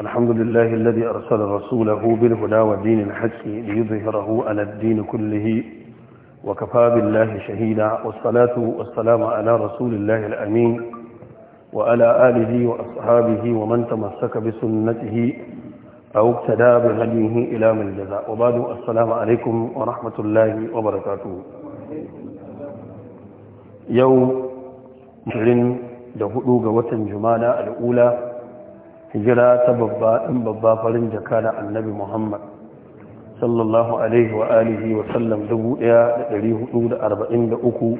الحمد لله الذي أرسل رسوله بالهدى والدين الحق ليظهره على الدين كله وكفى بالله شهيدا والصلاة والسلام على رسول الله الأمين وعلى آله وأصحابه ومن تمسك بسنته أو اقتدى بهديه إلى من الجزاء وبعد السلام عليكم ورحمة الله وبركاته يوم 24 دهدوغ watan الأولى hijira ta babba ɗin babba farin jaka da annabi muhammad sallallahu alaihi wa alihi wa sallam 1443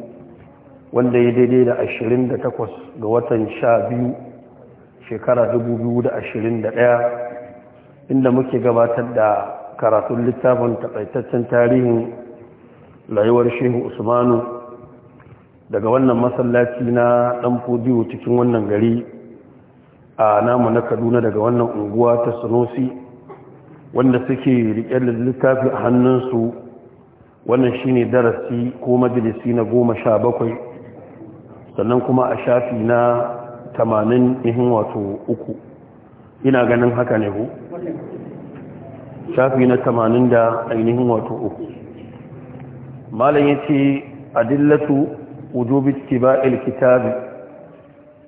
wanda ya daidai da 28 ga watan 12 shekara 2021 inda muke gabatar da karatun littafin takaitaccen tarihin rayuwar shehu usmanu daga wannan masallaci na dan fodiyo cikin wannan gari a namu na kaduna daga wannan unguwa ta sanosi wanda suke riƙe da littafi a hannunsu wannan shine darasi ko majalisi na goma sha bakwai sannan kuma a shafi na tamanin ihin wato uku ina ganin haka ne ku shafi na tamanin da ainihin wato uku malam ya ce adillatu wujubi tiba'il kitabi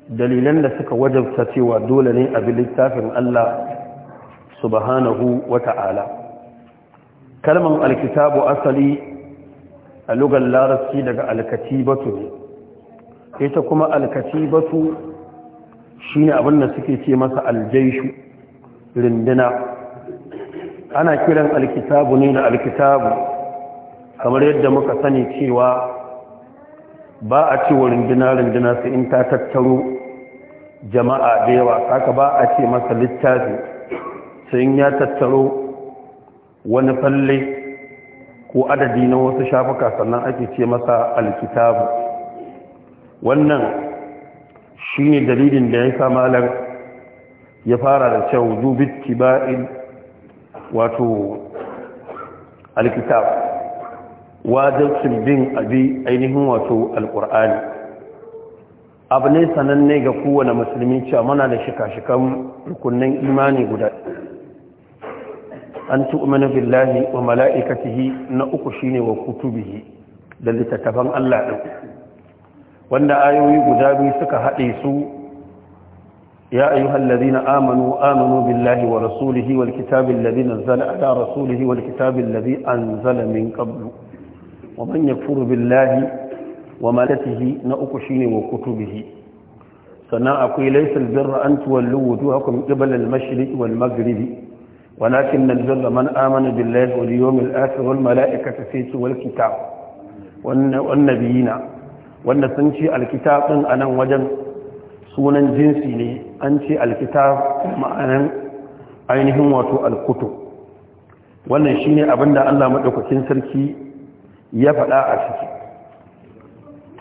dalilan da suka wajabta cewa dole ne a bi littafin Allah subhanahu wa ta'ala kalman alkitabu asali a lugar larabci daga alkatibatu ne ita kuma alkatibatu shine abin da suke ce masa aljaishu rindina ana kiran alkitabu ne da alkitabu kamar yadda muka sani cewa ba a cewa rindina rindina sai in ta tattaro jama'a da yawa haka ba a ce masa littafi sai ya tattaro wani falle ko adadi na wasu shafuka sannan ake ce masa alkitabu wannan shine dalilin da ya sa malar ya fara da cewa dubit tiba'in wato alkitab wajibcin bin abi ainihin wato alkur'ani abu ne sananne ga kowane musulmi cewa muna da shika-shikan rukunin imani guda an tu'minu billahi wa mala'ikatihi na uku shine wa kutubihi da littattafan Allah din wanda ayoyi guda biyu suka hade su ya ayyuhal ladina amanu amanu billahi wa rasulihi wal kitabil ladzi nazzala ala rasulihi wal kitabil ladzi anzala min qablu wa man yakfur billahi wa malatihi na uku shine wa kutubihi sannan akwai laisar birra an tuwallu wujuhakum qibala al-mashriq wal maghrib walakin al-birra man amana billahi wal yawmil akhir wal malaikati fi wal kitab wan nabiyina wanda sun ce alkitab din anan wajen sunan jinsi ne an ce alkitab ma'anan ainihin wato alkutu wannan shine abinda Allah madaukakin sarki ya faɗa a ciki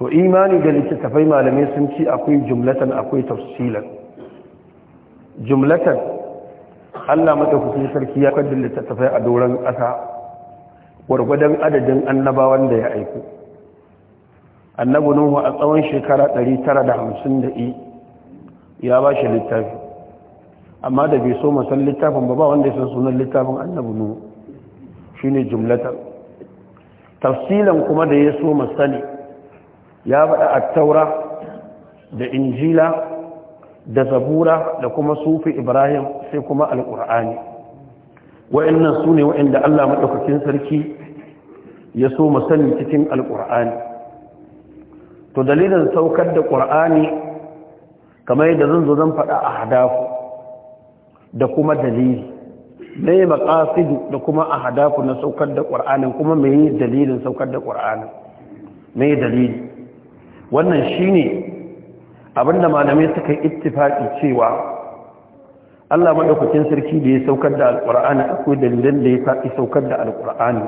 to imani da littattafai malamai sun ci akwai jumlatan akwai tafsilan jumlatan Allah madaukakin sarki ya kwadda littattafai a doron ƙasa gwargwadon adadin annabawan da ya aiko annabi a tsawon shekara 950 ya ba shi littafi amma da bai so san littafin ba ba wanda ya san sunan littafin annabunu shi ne jumlatan tafsilan kuma da ya so sani ya faɗa attaura da injila da zabura da kuma sufi ibrahim sai kuma alƙur'ani wa'annan su ne wa'anda allah maɗaukakin sarki ya so mu sani cikin alƙur'ani to dalilin saukar da ƙur'ani kamar yadda zan zo zan faɗa a hadafu da kuma dalili na yi maƙasidu da kuma a hadafu na saukar da ƙur'anin kuma mai dalilin saukar da ƙur'anin? mai dalili wannan shine abinda malamai suka yi ittifaki cewa Allah madaukakin sarki da ya saukar da Alƙur'ani akwai dalilan da ya faɗi saukar da Alƙur'ani.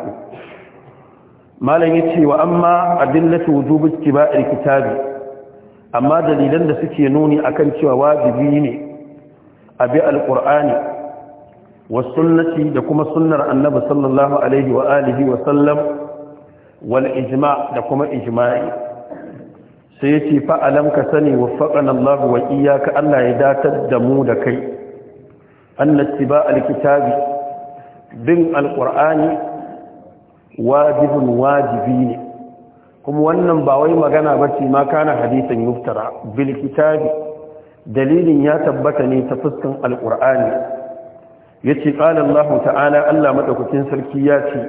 malam ce wa amma adillatu wujubi ittiba'il kitabi amma dalilan da suke nuni akan cewa wajibi ne abi Alƙur'ani wa sunnati da kuma sunnar annabi sallallahu alaihi wa alihi wa sallam wal ijma' da kuma ijma'i sai ya ce fa'alam ka sani wa faɗan Allah iyaka Allah ya datar da mu da kai annati ba alkitabi bin alƙur'ani wajibin wajibi ne kuma wannan ba wai magana ba ce ma kana hadisin yuftara bilkitabi dalilin ya tabbata ne ta fuskan alƙur'ani ya ce ƙalallahu ta'ala Allah maɗaukacin sarki ya ce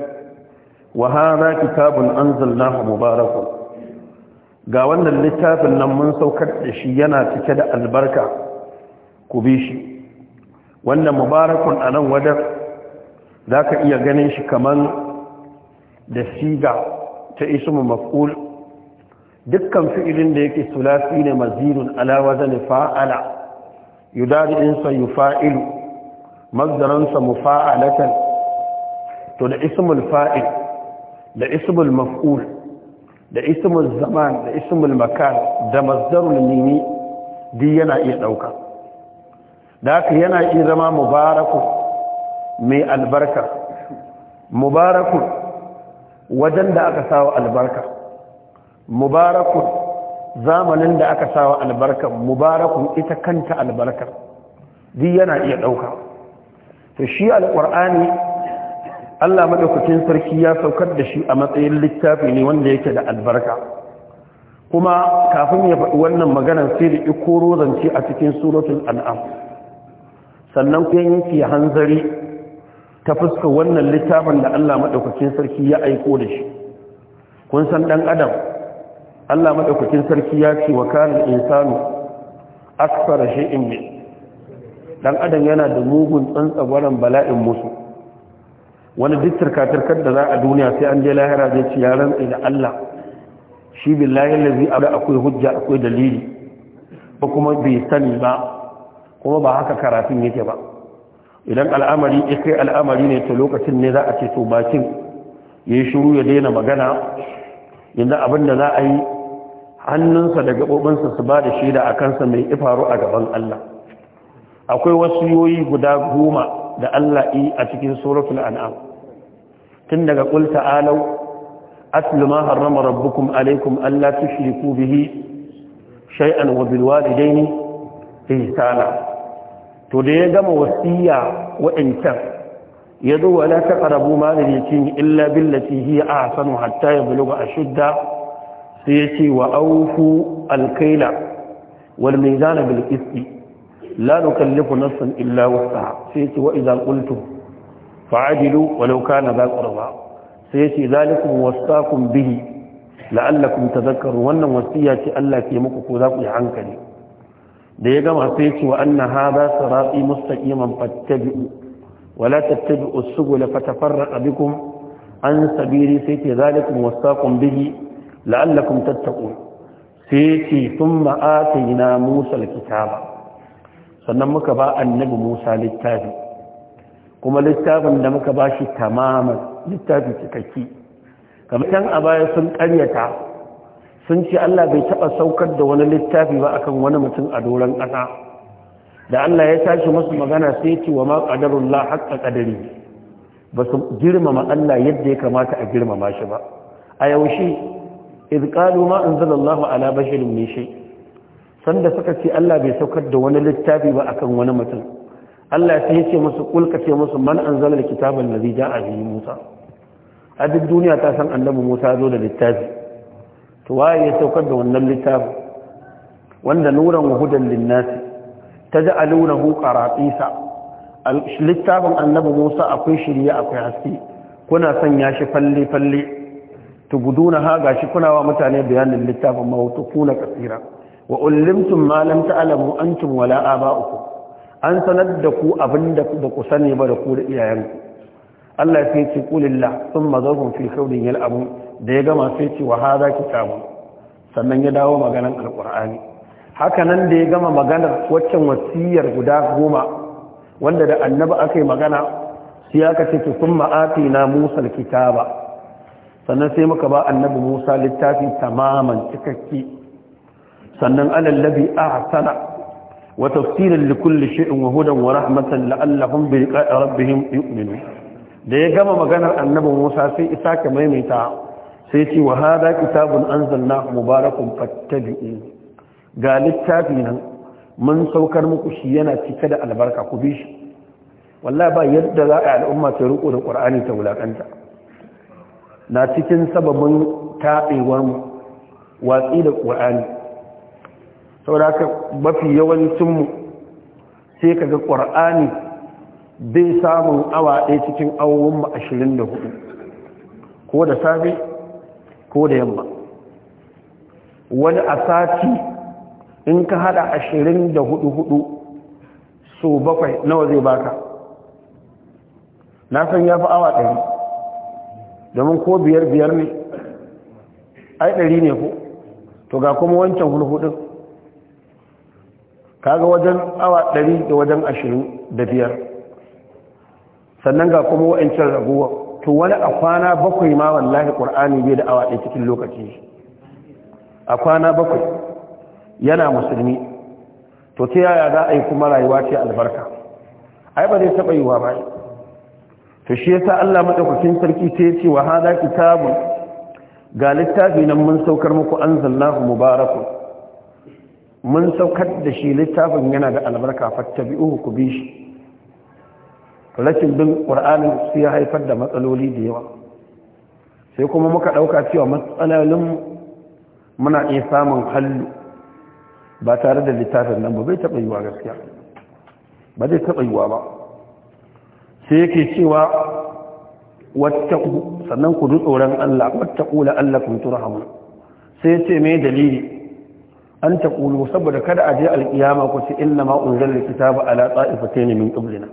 wa hana kitabun an zalna mubarakun ga wannan littafin nan mun saukar da shi yana cike da albarka ku bi shi wannan mubarakun a nan wadar za ka iya ganin shi kamar da siga ta ismu maf'ul dukkan fi'ilin da yake sulasi ne mazirun ala wazan fa'ala yudari insa yufa'ilu mazdaransa mufa'alatan to da ismul fa'il da ismul maf'ul da ismul zaman da ismul makan da masdarul mimi duk yana iya dauka da haka yana iya zama mubaraku mai albarka mubaraku wajen da aka sawa albarka mubaraku zamanin da aka sawa albarka mubaraku ita kanta albarka duk yana iya dauka to shi alqur'ani Allah madaukakin sarki ya saukar da shi a matsayin littafi ne wanda yake da albarka kuma kafin ya faɗi wannan maganar sai da ikoro zance a cikin suratul an'am sannan kuma yake hanzari ta fuska wannan littafin da Allah madaukakin sarki ya aiko da shi kun san dan adam Allah madaukakin sarki ya ce wa kana insanu akthara shay'in min dan adam yana da mugun tsantsagwaran bala'in musu wani duk turkatarkar da za a duniya sai an je lahira zai ci yaran da Allah shi billahi lazi abu akwai hujja akwai dalili ba kuma bai sani ba kuma ba haka karatun yake ba idan al'amari ya kai al'amari ne to lokacin ne za a ce to bakin ya yi shuru ya daina magana yanzu abin da za a yi hannunsa da gaɓoɓinsa su ba da shaida a kansa mai ifaru a gaban Allah akwai wasu yoyi guda goma da Allah yi a cikin suratul an'am tun daga qul ta'alu aslu ma harrama rabbukum alaykum alla tushriku bihi shay'an wa bil walidayni ihsana to da ya gama wasiya wa'incan wa wala taqrabu ma yatim illa billati hiya ahsanu hatta yablugha ashudda sai yace wa aufu alkaila kayla wal mizana bil qisti la nukallifu nafsan illa wasa sai ce wa idza qultu fa'adilu walau kana za qurba sai ce zalikum wasaqum bihi la'allakum tadhakkaru wannan wasiya ce Allah ke muku ko za ku yi hankali da ya gama sai ce wa anna hadha sirati mustaqiman fattabi'u wa la tattabi'u as-subula fatafarraqa bikum an sabili sai ce zalikum wasaqum bihi la'allakum tattaqun sai ce thumma atayna musa al-kitaba sannan muka ba annabi musa littafi kuma littafin da muka ba shi tamaman littafi cikakki kamar can a baya sun karyata sun ce allah bai taɓa saukar da wani littafi ba akan wani mutum a doron ƙasa da allah ya tashi musu magana sai ce wa ma ƙadarullah haƙƙa ƙadari ba su girmama allah yadda ya kamata a girmama shi ba a yaushe idh qalu ma anzala ala basharin min shay' sanda suka ce Allah bai saukar da wani littafi ba akan wani mutum Allah sai ya ce musu kulka ce musu man anzala alkitaba allazi ja'a Musa a duk duniya ta san annabi Musa zo da littafi to waye ya saukar da wannan littafi wanda nuran wa hudan linnas taj'alunahu qaratisa littafin annabi Musa akwai shiriya akwai haske kuna sanya shi falle falle tubuduna ha gashi kuna wa mutane bayanin littafin na kasira wa ullimtum ma lam ta'lamu antum wala aba'ukum an sanar da ku abinda ba ku sani ba da ku da iyayenku Allah sai ce kulillah thumma zarhum fi khawdin yal'abu da ya gama sai ce wa hadha kitabun sannan ya dawo maganar alqur'ani haka nan da ya gama maganar waccan wasiyar guda goma wanda da annabi aka yi magana sai aka ce thumma atina musa alkitaba sannan sai muka ba annabi musa littafi tamaman cikakke sannan alal a ahsana wa tafsilan li kulli wa hudan wa rahmatan la'allahum bi rabbihim da ya gama maganar annabi Musa sai isa ka maimaita sai ce wa hada kitabun anzalna mubarakun fattabi'u ga littafi nan mun saukar muku shi yana cike da albarka ku bi shi wallahi ba yadda za a yi al'umma ta riko da ta wulaƙanta na cikin sababin taɓewar watsi da ƙur'ani. saboda haka mafi yawancinmu sai kaga ƙwar'ani bai samun awa ɗaya cikin awowinmu ashirin da hudu ko da safe ko da yamma wani a sati in ka hada ashirin da hudu hudu so bakwai nawa zai baka na san ya fi awa ɗari domin ko biyar biyar ne ai ɗari ne ko to ga kuma wancan hulhudin kaga wajen awa ɗari da wajen ashirin da biyar sannan ga kuma wa'ancan raguwa to wani a kwana bakwai ma wallahi ƙur'ani bai da awa ɗaya cikin lokaci a kwana bakwai yana musulmi to ta yaya za a yi kuma rayuwa ce albarka ai ba zai taɓa wa bai to shi ya yasa Allah maɗaukakin sarki ta ce wa ki tabu ga littafi nan mun saukar muku zallahu mubarakun mun saukar da shi littafin yana da albarka fatta fattabi'uhu ku bi shi rashin bin qur'anin su ya haifar da matsaloli da yawa sai kuma muka dauka cewa matsalolin muna iya samun hallu ba tare da littafin nan ba bai taba yiwa gaskiya ba zai taba yiwa ba sai yake cewa wattaqu sannan ku du tsoron Allah wattaqu la'allakum turhamun sai ce me dalili an ta ƙulu saboda kada a je alƙiyama ku ce inna ma unzar likitaba ala tsa'ifatayn min qablina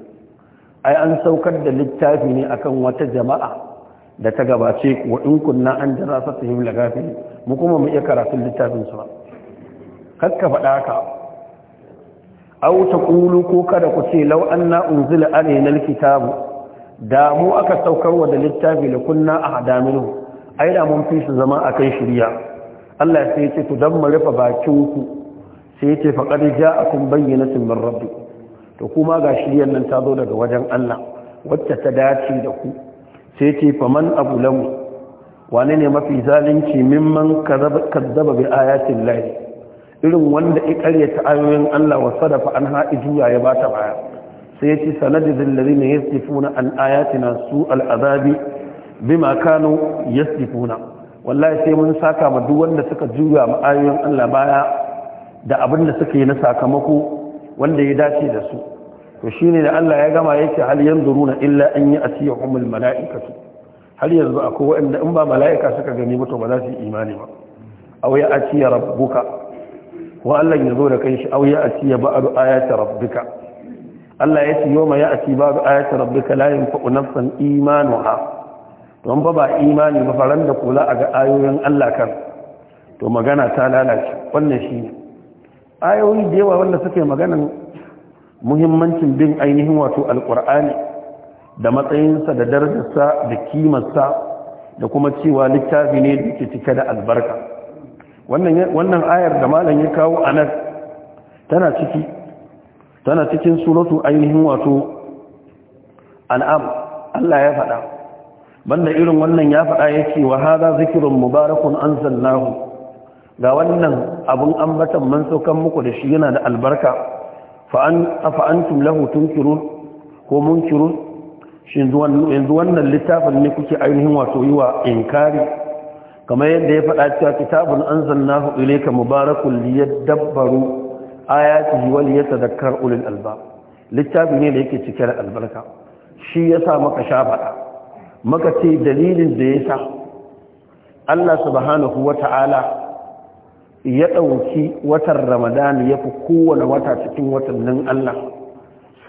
ai an saukar da littafi ne akan wata jama'a da ta gabace wa in kunna an jira satihim lagafi mu kuma mu iya karatun littafin su ba kakka faɗa ka aw ta ƙulu ko kada ku ce law anna unzila alaina alkitabu da mu aka saukar wa da littafi da kunna ahda minhu ai da mun fi su zama akan shirya Allah sai ce ku dan mu rufe bakin ku sai yace faqad ja'akum bayyinatun min rabbi to kuma ga shiryan nan ta zo daga wajen Allah wacce ta dace da ku sai yace faman abu lamu Wani ne mafi zalunci mimman kazzaba bi ayatin lahi irin wanda ya karyata ayoyin Allah wa sadafa an ha'ijuya ya bata baya sai yace sanadizil ladina yasdifuna an ayatina su al'azabi azabi bima kanu yasdifuna wallahi sai mun saka ma duk wanda suka juya mu ayoyin Allah baya da abin da suka yi na sakamako wanda ya dace da su to shine da Allah ya gama yake hal yanzuruna illa an yi asiyahumul malaikatu har yanzu akwai wanda in ba malaika suka gani ba to ba za su yi imani ba aw ya atiya rabbuka wa Allah ya zo da kanshi aw ya atiya ba'du ayati rabbika Allah ya ce yoma ya ati ba'du ayati rabbika la yanfa'u nafsan imanuha don ba ba imani ba faran da kula a ga ayoyin Allah kan to magana ta lalace wannan shi ayoyi da yawa wanda suke maganan muhimmancin bin ainihin wato alkur'ani da matsayinsa da darajarsa da kimarsa da kuma cewa littafi ne da ke cike da albarka wannan ayar da malam ya kawo a nan tana ciki tana cikin suratu ainihin wato al'am Allah ya faɗa banda irin wannan ya faɗa ya ce wa hada zikirun mubarakun an zallahu ga wannan abin ambatan man saukan muku da shi yana da albarka fa'antum lahu tunkirun ko mun shi yanzu wannan littafin ne kuke ainihin wato yi wa inkari kamar yadda ya faɗa cewa kitabun an zannahu ilaika mubarakun liyaddabbaru ayatihi wal yatadakkar Ulin Alba, littafi ne da yake cike da albarka shi yasa maka sha faɗa maka ce dalilin da ya sa Allah subhanahu Ta'ala ya ɗauki watan ramadan ya fi kowane wata cikin watannin Allah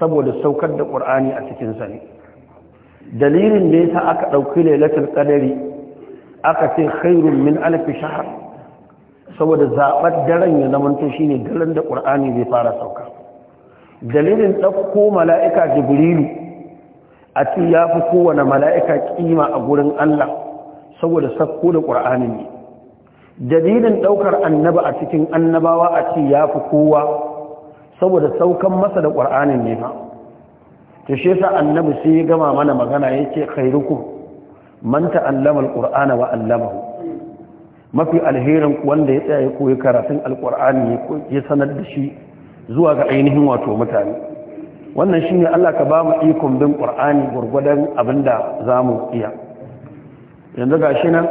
saboda saukar da ƙur'ani a cikinsa ne dalilin da ya sa aka ɗauki lailatul ƙadari aka ce khairun min alfi shahar saboda zaɓar daren ya zamanto shi ne daren da ƙur'ani zai fara sauka dalilin ɗauko mala'ika jibrilu a ce ya fi kowane mala'ika kima a gurin Allah saboda sakko da ƙur'ani ne dalilin ɗaukar annaba a cikin annabawa a ce ya fi kowa saboda saukan masa da ƙur'anin ne ba ta shi yasa annabi sai ya gama mana magana ya ce khairuku man ta'allama alqur'ana wa 'allamahu mafi alherin wanda ya tsaya ya koyi karatun alqur'ani ya sanar da shi zuwa ga ainihin wato mutane wannan shi ne Allah ka ba mu ikon bin Qur'ani gurgudan abinda mu iya yanzu shi nan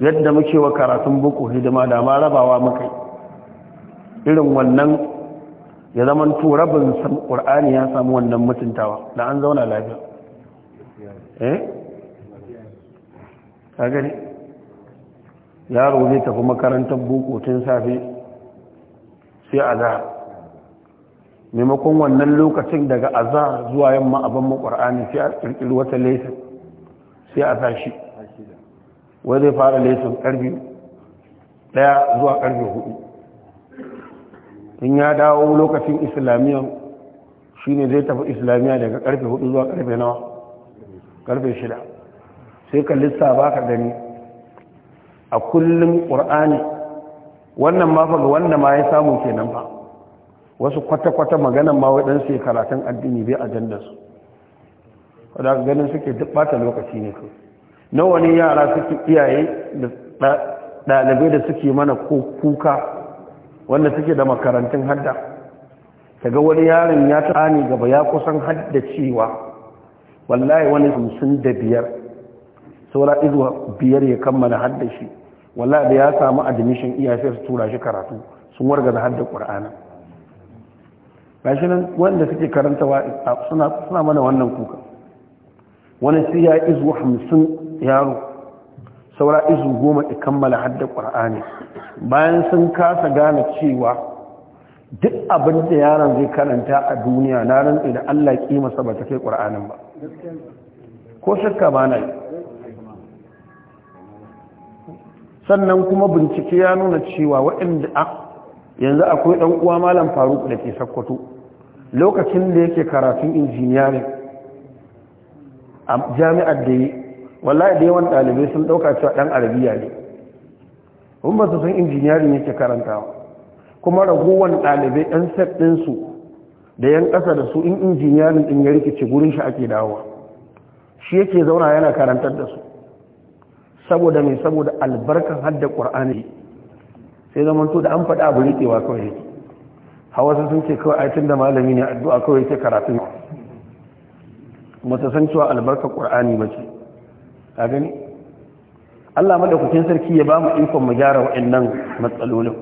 yadda muke wa karatun buku hidima da ma rabawa muka irin wannan ya zama turabin rabin ya samu wannan mutuntawa da an zauna lafiya eh ka gani yaro zai tafi makarantar buku tun safe sai a zara maimakon wannan lokacin daga aza zuwa yamma abin mu sai a kirkiri wata laifin sai a tashi wai zai fara laifin karfi daya zuwa karfe hudu in ya dawo lokacin islamiyya shine zai tafi islamiyya daga karfe hudu zuwa karfe nawa karfe shida sai ka ba ka gani a kullum ƙur'ani wannan ma faga wanda ma ya samu kenan fa wasu kwata-kwata maganan ma yi karatun addini bai ajandarsu wadda ganin suke duk bata lokaci ne ku nawa wani yara suke iyaye da ɗalibai da suke mana ko kuka wanda suke da makarantun hadda daga wani yaron ya ta'ani gaba ya kusan hadda cewa wallahi wani hamsin da biyar saura izuwa biyar ya kammala hadda shi wallahi da ya samu admission iya sai su tura shi karatu sun wargaza hadda ƙur'ana gashi nan wanda suke karantawa suna mana wannan kuka wani sai ya izu hamsin yaro saura izu goma ya kammala hadda ƙwar'ani bayan sun kasa gane cewa duk abin da yaron zai karanta a duniya na rantsi da allah masa bata ta kai ƙwar'anin ba ko shakka ba na sannan kuma bincike ya nuna cewa waɗanda yanzu akwai ɗan uwa malam faruk da ke sakkwato lokacin da yake karatun injiniyarin a jami'ar da yi wallahi da yawan ɗalibai sun ɗauka cewa ɗan arabiya ne Kuma ba su san injiniyarin yake karantawa kuma ragowar ɗalibai ɗan set ɗinsu da yan ƙasa da su in injiniyarin ɗin ya rikice gurin shi ake dawowa shi yake zauna yana karantar da su saboda mai saboda albarkan hadda ƙwar'ani sai zaman to da an faɗa abu riƙewa kawai yake hawa sun ce kawai aitin da malami ne addu'a kawai yake karatun mata san cewa albarka ƙur'ani ba a gani allah madaukakin sarki ya ba mu ikon mu gyara waɗannan matsalolin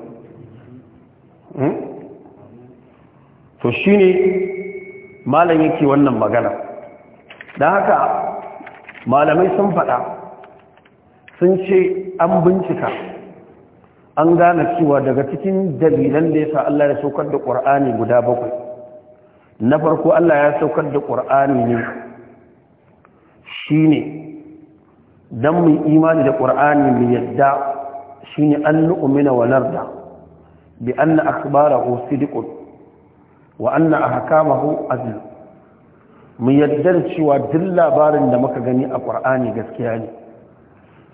hmm? to shi ne malam yake wannan magana don haka malamai sun faɗa sun ce an bincika an gane cewa daga cikin dalilan da ya sa Allah ya saukar da ƙur'ani guda bakwai na farko Allah ya saukar da ƙur'ani ne shi ne don mu imani da ƙur'ani mu yadda shi ne an nu'umina wa narda bi an na sidiqun wa an na ahkamahu adl mu yaddar cewa duk labarin da muka gani a ƙur'ani gaskiya ne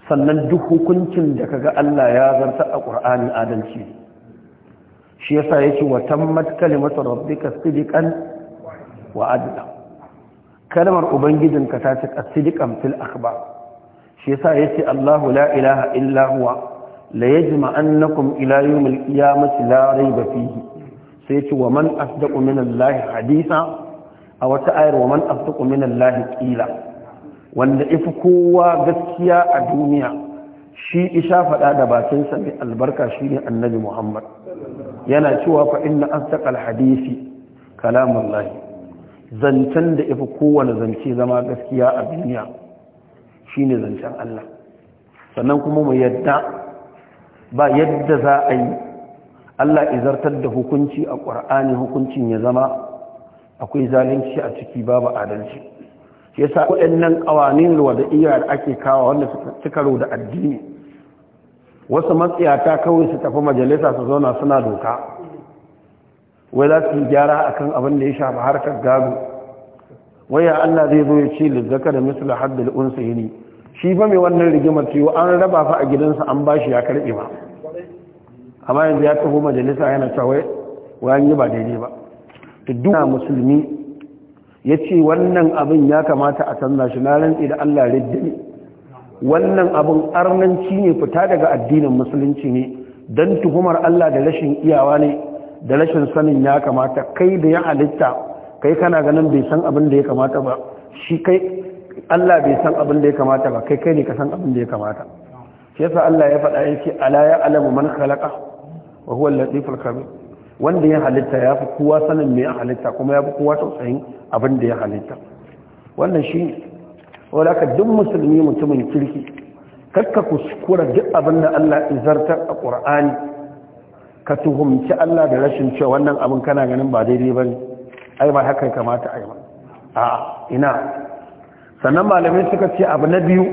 sannan duk hukuncin da kaga Allah ya zarta a Qur'ani adalci shi ya sa ya ce wa tammat kalimatu rabbika sidqan wa adla kalmar ubangijinka ta ce sidqan fil akhbar shi ya sa ya ce Allahu la ilaha illa huwa la yajma'annakum ila yawmil qiyamati la rayba fihi sai yace wa man asdaqu min Allah hadisa a wata ayar wa man asdaqu min Allah qila wanda ifi kowa gaskiya a duniya shi isha faɗa da bakinsa mai albarka shi ne annabi muhammad yana cewa fa inna asdaqal hadisi kalamullahi zancen da ifi kowane zance zama gaskiya a duniya shine zancen Allah sannan kuma mu yadda ba yadda za a yi Allah izartar da hukunci a ƙwar'ani hukuncin ya zama akwai zalunci a ciki babu adalci shi yasa waɗannan ƙawanin wada'iyya da ake kawo wanda suka da addini wasu matsiyata kawai su tafi majalisa su zauna suna doka wai za su gyara akan abin da ya shafi harkar gado waya Allah zai zo ya ce lizzaka da misali haddal unsa yini shi ba mai wannan rigimar ciwo an raba fa a gidansa an bashi ya karɓe ba amma yanzu ya tafi majalisa yana cewa wai an yi ba daidai ba duk musulmi ya ce wannan abin ya kamata a canza shi na rantsi Allah ridda ne wannan abin arnanci ne fita daga addinin musulunci ne don tuhumar Allah da rashin iyawa ne da rashin sanin ya kamata kai da ya halitta kai kana ganin bai san abin da ya kamata ba shi kai Allah bai san abin da ya kamata ba kai kai ne ka san abin da ya kamata shi yasa Allah ya faɗa yake ala ya alamu man khalaqa wa huwa al al khabir wanda ya halitta ya fi kowa sanin mai halitta kuma ya fi kowa tausayin abin da ya halitta wannan shi wadda aka duk musulmi mutumin kirki ka kuskura duk abin da allah izartar a ƙur'ani ka tuhumci allah da rashin cewa wannan abin kana ganin ba daidai ba ne ai ba haka kamata a yi ba a ina sannan malamai suka ce abu na biyu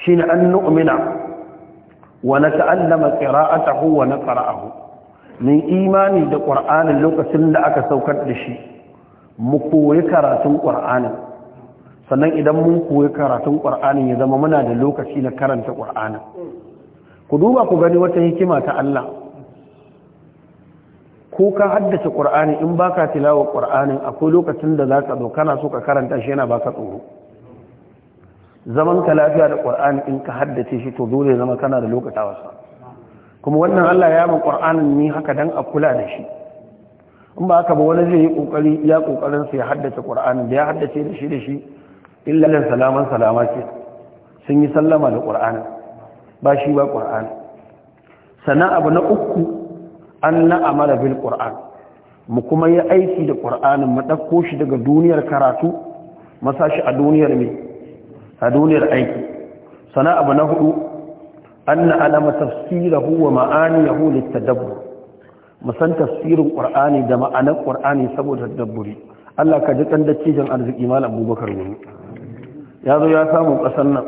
shine an nu'mina wa nata'allama qira'atahu wa naqra'ahu mai imani da ƙwar'anin lokacin da aka saukar da shi mu koyi karatun ƙwar'anin sannan idan mun koyi karatun ƙwar'anin ya zama muna da lokaci na karanta ƙwar'anin ku duba ku gani wata hikima ta Allah ko ka haddace ƙwar'ani in ba ka tilawa ƙwar'anin akwai lokacin da za ka zo kana so ka karanta shi yana ba ka tsoro zaman ka lafiya da ƙwar'ani in ka haddace shi to dole zama kana da lokacin wasa kuma wannan Allah ya mun Qur'anin ni haka dan a kula da shi in ba haka ba wani zai yi kokari ya kokarin sa ya haddace Qur'anin da ya haddace da shi da shi illa lan salaman salama ce sun yi sallama da Qur'anin ba shi ba Qur'an sana abu na uku an na'amala bil Qur'an mu kuma yi aiki da Qur'anin mu dauko shi daga duniyar karatu sa shi a duniyar me a duniyar aiki sana abu na hudu anna alama tafsirahu wa ma'aniyahu littadabbur musan tafsirin ƙur'ani da ma'anar ƙur'ani saboda tadabburi Allah ka ji kan dattijan arziki malam Abubakar wani ya zo ya samu kasan nan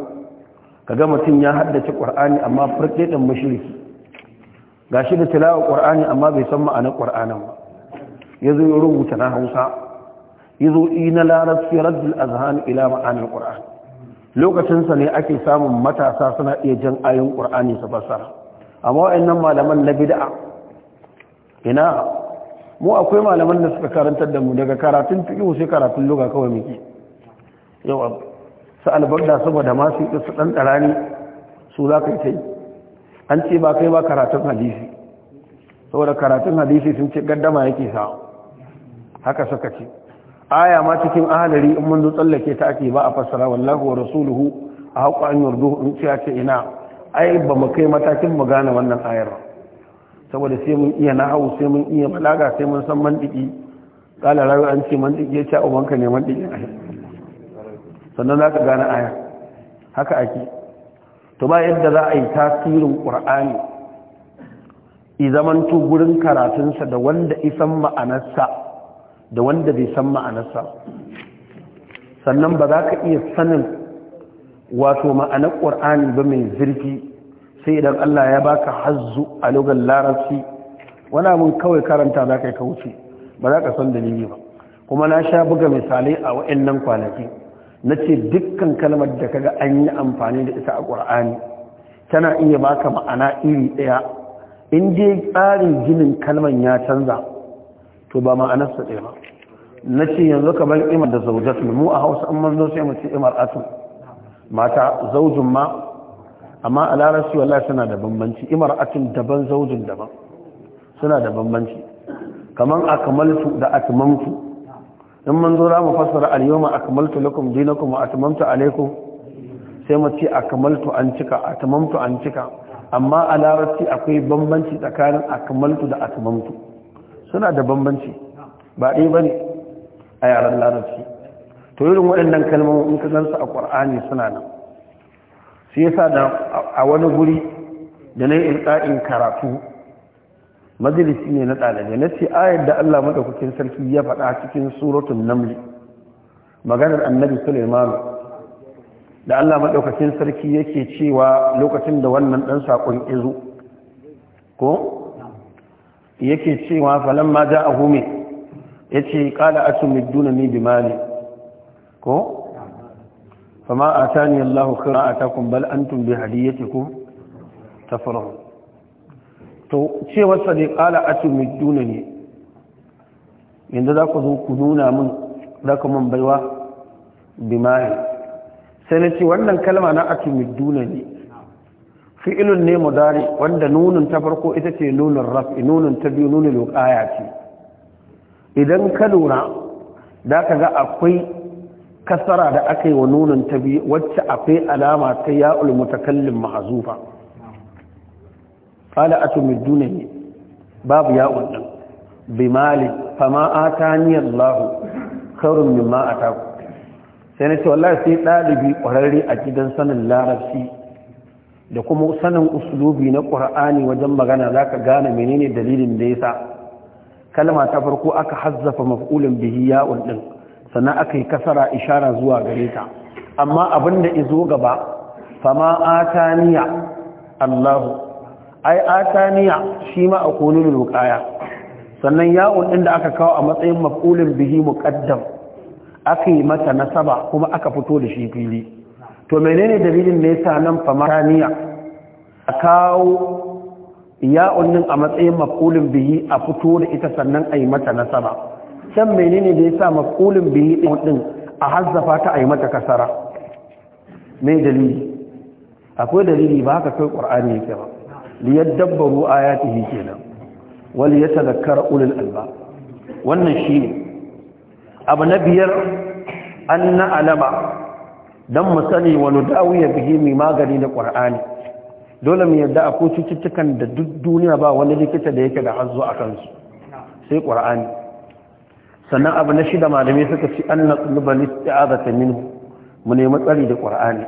Ka kaga mutum ya haddace ƙur'ani, amma furde din mushriki gashi da tilawa ƙur'ani, amma bai san ma'anar qur'anin ba Ya zo ya rubuta na Hausa yazo ina larabci raddul azhan ila ma'anar qur'ani lokacinsa ne ake samun matasa suna iya jan ayin ƙur'ani su fassara amma wa'annan malaman na bid'a ina mu akwai malaman da suka karantar da mu daga karatun fiqh sai karatun lugha kawai muke yau sa albarda saboda ma su su dan darani su za ka yi an ce ba kai ba karatun hadisi saboda karatun hadisi sun ce gaddama yake sa haka suka ce aya ma cikin ahalari in mun zo tsallake ta ake ba a fassara wallahu wa rasuluhu a haƙo an yurdu in ce a ce ina ai ba mu kai matakin mu gane wannan ayar saboda sai mun iya nahawu sai mun iya balaga sai mun san mandiki kala rawi an ce mandiki ya ci a ubanka ne mandiki a sannan za ka gane aya haka ake to ba yadda za a yi tasirin qur'ani i zamanto gurin karatunsa da wanda isan ma'anarsa da wanda bai san ma'anarsa sannan ba za ka iya sanin wato ma'anar ƙwar'ani ba mai zirfi sai idan Allah ya baka hazzu a lugar larabci wani abin kawai karanta za ka yi kauce ba za ka san dalili ba kuma na sha buga misalai a wa'annan kwanaki na ce dukkan kalmar da kaga an yi amfani da ita a ƙwar'ani tana iya baka ma'ana iri ɗaya in dai tsarin ginin kalmar ya canza to ba ma'anarsa ɗaya ba na ce yanzu ban imar da zaujatu mu a hausa an manzo sai mu ce imar atum. mata zaujin ma amma a larabci wallahi suna da bambanci imar atum daban zaujin daban suna da bambanci kamar Kamaltu da atmamtu in manzo za mu fassara al-yawma akmaltu lakum dinakum wa atmamtu alaykum sai mace a kamaltu an cika a Tumamtu an cika amma a larabci akwai bambanci tsakanin a kamaltu da a Tumamtu. suna da bambanci ba ɗaya ba ne a yaren larabci to irin waɗannan kalmomin in ka a ƙwar'ani suna nan su yasa da a wani guri da na yi ɗa'in karatu majalisi ne na ɗalibai na ce ayar da Allah maɗaukakin sarki ya faɗa cikin suratun namli maganar annabi Suleimanu da Allah maɗaukakin sarki yake cewa lokacin da wannan ɗan saƙon izu ko yake cewa falon ma falamma ja'ahu min yace qala atumiddunani bimali ko fama atani Allahu khairan atakum bal an antum ta tafrahun to cewa sai qala atumiddunani yanzu za ku zo ku nuna min za ku min baiwa bimali sai na ce wannan kalma na atumiddunani fi'ilun ne mudari wanda nunin ta farko ita ce nunin raf'i nunin ta biyu nunin luqaya ce idan ka lura da ka ga akwai kasara da aka yi wa nunin ta biyu wacce akwai alama ta ya'ul mutakallim ma'azufa qala ne babu ya'ul din bimali fama atani Allah khairun mimma ataku sai na ce wallahi sai dalibi kwararre a gidan sanin larabci da kuma sanin usulubi na ƙur'ani wajen magana za ka gane menene dalilin da ya sa kalma ta farko aka hazzafa maf'ulin bihi ya'un din sannan aka yi kasara ishara zuwa gare ta amma abin da izo gaba fama ataniya Allahu ai ataniya shi ma a kunin lukaya sannan ya'un din da aka kawo a matsayin maf'ulin bihi muqaddam aka yi mata nasaba kuma aka fito da shi fili to menene dalilin da yasa nan famaraniya a kawo ya'un a matsayin maf'ulin bihi a fito da ita sannan a yi mata nasara? can menene da yasa maf'ulin bihi din a hazzafa ta a yi mata kasara mai dalili akwai dalili ba haka kai qur'ani yake ba liyadabbaru ayatihi kenan wal yatadhakkar ulul albab wannan shine abu na biyar an na alama. don mu sani wani dawiya bihi mai magani da ƙwar'ani dole mu yadda a cututtukan da duk duniya ba wani likita da yake da hazo a kansu sai ƙwar'ani sannan abu na shida malamai suka ci an na tsulubar isti'azata minhu mu nemi tsari da ƙwar'ani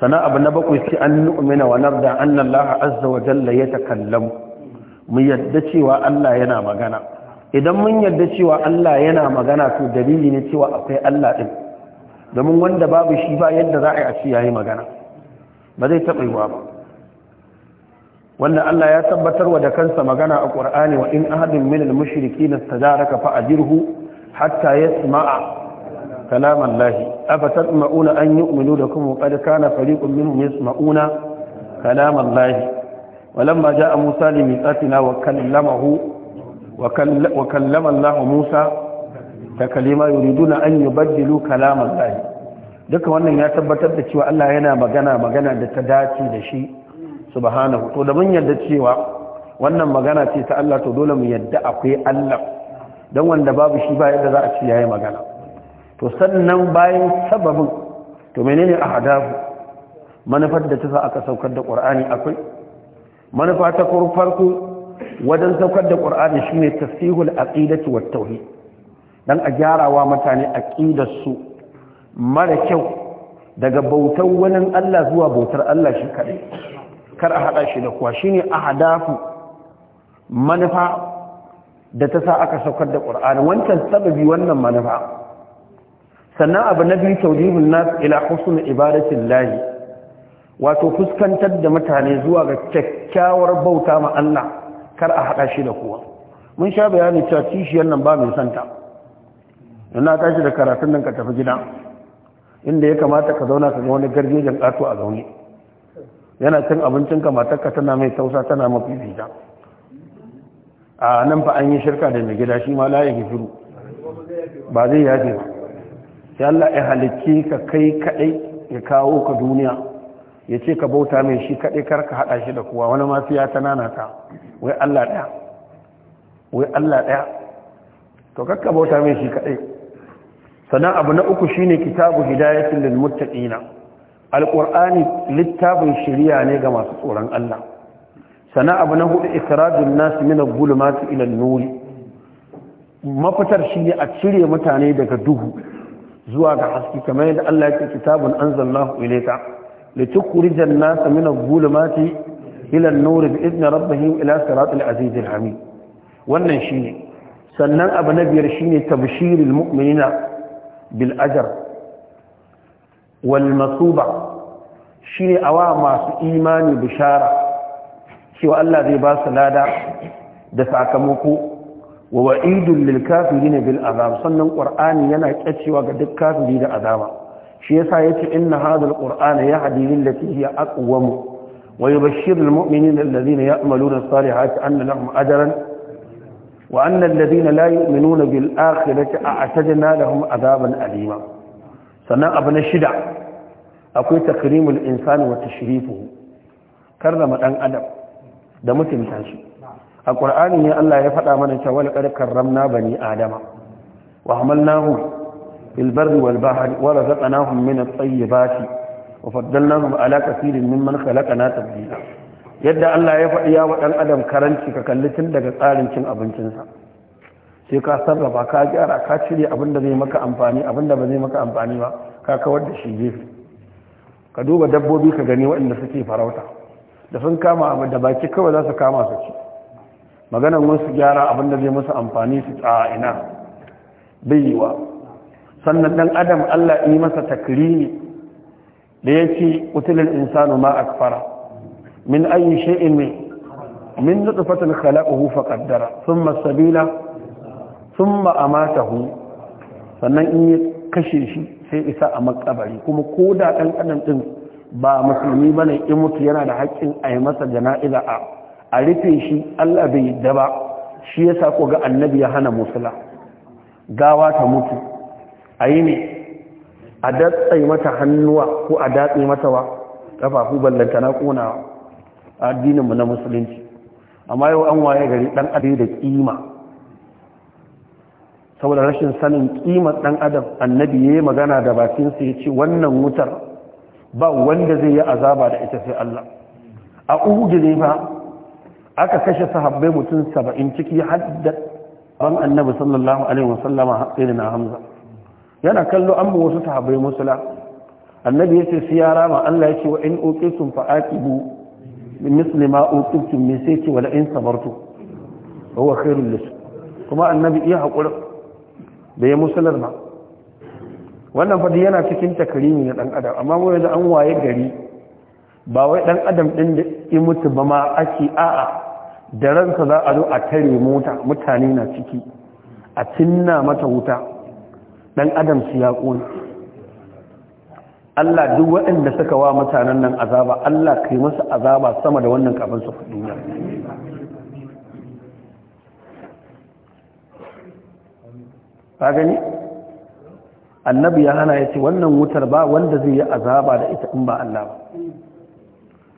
sannan abu na bakwai ci an nu'mina wa nabda anna Allah azza wa jalla ya takallamu mu yadda cewa Allah yana magana idan mun yadda cewa Allah yana magana to dalili ne cewa akwai Allah ɗin? domin wanda babu shi ba yadda za a a ci yayi magana ba zai taɓa yiwa ba wanda Allah ya tabbatar wa da kansa magana a ƙur'ani wa in ahadin min al-mushriki nastajaraka fa ajirhu hatta yasma'a kalam lahi. afa tatma'una an yu'minu lakum qad kana fariqun minhum yasma'una kalam Musa ولما جاء موسى لميقاتنا wa kallama الله Musa. ta kalima yuriduna an yubaddilu kalaman lahi duka wannan ya tabbatar da cewa Allah yana magana magana da ta dace da shi subhanahu to da mun yarda cewa wannan magana ce ta Allah to dole mu yarda akwai Allah dan wanda babu shi ba yadda za a ci yayi magana to sannan bayan sababin to menene ahadafu manufar da ta sa aka saukar da Qur'ani akwai manufa ta farko wajen saukar da ƙur'ani shine tafsihul aqidati wat tauhid dan a gyarawa mutane su mara kyau daga bautar wani Allah zuwa bautar Allah shi kaɗai, kar a haɗa shi da kuwa shine ahdafu manufa da ta sa aka saukar da Qur'ani wancan sababi wannan manufa sannan abu na biyu tawjihun nas ila husn ibadatillahi wato fuskantar da mutane zuwa ga kyakkyawar bauta ma Allah kar a haɗa shi da kuwa. mun sha bayani cewa kishiyar nan ba mai santa in tashi da karatun nan ka tafi gida inda ya kamata ka zauna ka ga wani garjejin ƙato a zaune yana cin abincin ka tana mai tausa tana mafi fita a nan fa an yi shirka da mai gida shi ma layin hifiru ba zai yaje ba sai Allah ya halicci ka kai kaɗai ya kawo ka duniya ya ce ka bauta mai shi kaɗai kar ka haɗa shi da kowa wani ma fiya ta nanata wai Allah ɗaya wai Allah ɗaya to kakka bauta mai shi kaɗai sannan abu na uku shine kitabu hidayatul lil muttaqina alqur'ani littafin shari'a ne ga masu tsoron Allah sannan abu na hudu ikrajun nas min adh-dhulumati ila an-nur mafitar shine a cire mutane daga duhu zuwa ga haske kamar yadda Allah ya ce kitabun anzalallahu ilayka litukhrijan nas min adh-dhulumati ila an-nur bi idni rabbihim ila siratil al hamid wannan shine sannan abu na biyar shine tabshirul mu'minina bil ajr wal masuba shine awa masu imani bishara cewa Allah zai basu lada da sakamako wa wa'idul lil kafirin bil azab sannan ƙur'ani yana kyacewa ga duk kafiri da azaba shi yasa yace inna hadhal qur'ana yahdi lil lati hiya aqwam wa yubashshiru al mu'minina alladhina ya'maluna as-salihati anna lahum ajran وأن الذين لا يؤمنون بالآخرة أعتدنا لهم عذابا أليما سنة أبن الشدع أقول تكريم الإنسان وتشريفه كرم أن أدب ده متن تاشي القرآن يا الله يفتح من شوال قد كرمنا بني آدم وحملناهم في البر والبحر ورزقناهم من الطيبات وفضلناهم على كثير ممن خلقنا تبديلا yadda Allah ya faɗi yawa ɗan adam karanci ka kalli tun daga tsarin cin abincinsa sai ka sarrafa ka gyara ka cire abin da zai maka amfani abin da ba zai maka amfani ba ka kawar da shi gefe ka duba dabbobi ka gani waɗanda suke farauta da sun kama abu da baki kawai za su kama su ci maganan wasu gyara abin da zai musu amfani su a ina bai yiwa sannan ɗan adam Allah yi masa takrimi da ya ce utulil insanu ma akfara min ayi shay'in min nutfatin khalaqahu faqaddara thumma sabila thumma amatahu sannan in ya kashe shi sai isa a makabari kuma ko da dan adam din ba musulmi ba bane in mutu yana da haƙƙin a yi masa jana'iza a rufe shi Allah bai yadda ba shi yasa ko ga annabi ya hana musula gawa ta mutu a yi ne a datsai mata hannuwa ko a datse mata wa kafafu ballantana konawa addininmu na musulunci amma yau an waye gari ɗan adam da kima saboda rashin sanin ƙimar ɗan adam annabi ya yi magana da bakinsa ya ce wannan wutar ba wanda zai yi azaba da ita sai Allah a uhudu ne ba aka kashe sahabbai mutum saba'in ciki hadda ban annabi sallallahu alaihi wasallama irin na hamza yana kallo an wasu sahabbai musula annabi ya ce su yara ma Allah ya ce wa in uqitum fa misli ma utubtum min sai ce wala in sabartu huwa khairul kuma annabi iya hakuri da ya musular ba wannan faɗi yana cikin takrimi na ɗan adam amma mu yanzu an waye gari ba wai dan adam ɗin da i mutu ba ma ake a'a da ransa za a zo a tare mota mutane na ciki a cinna mata wuta Ɗan adam su ya ƙone Allah duk waɗanda suka wa mutanen nan azaba Allah kai masa azaba sama da wannan kafin su fi duniya gani annabi ya hana ya ce wannan wutar ba wanda zai yi azaba da ita in ba Allah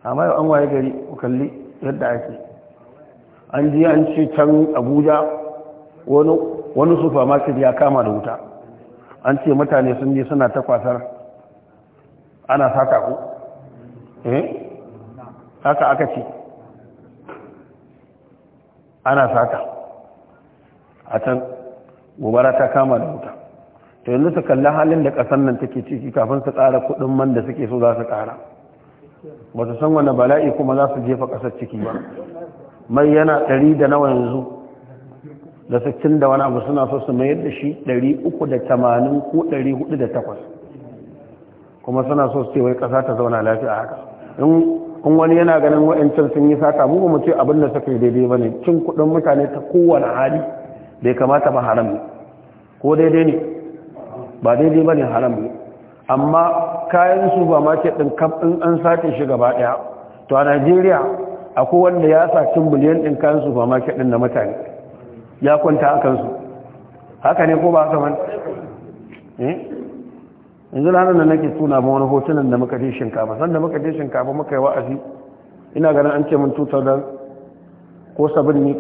ba amma yau an waye gari ku kalli yadda ake an ji an ce can Abuja wani wani supermarket ya kama da wuta an ce mutane sun je suna ta kwasar ana sata ku eh haka aka ce ana sata a can gobara ta kama da wuta to yanzu su kalli halin da ƙasar nan take ciki kafin su ƙara kuɗin man da suke so za su ƙara ba su san wani bala'i kuma za su jefa ƙasar ciki ba mai yana ɗari da nawa yanzu da cin da wani abu suna so su mayar da shi ɗari uku da ko ɗari hudu da takwas kuma suna so su ce wai ƙasa ta zauna lafiya haka in wani yana ganin wa'ancan sun yi sata mu mu ce abin da suka yi daidai ba ne cin kuɗin mutane ta kowane hali bai kamata ba haram ne ko daidai ne ba daidai ba ne haram ne amma kayan su ba market ɗin kam ɗin an sace shi gaba ɗaya to a najeriya akwai wanda ya cin miliyan ɗin kayan su ba market ɗin na mutane ya kwanta a kansu haka ne ko ba haka man yanzu ranar da nake tuna ma wani hotunan da muka je shinkafa sanda muka je shinkafa muka yi wa'azi ina ganin an ce mun tutar da ko sabin ne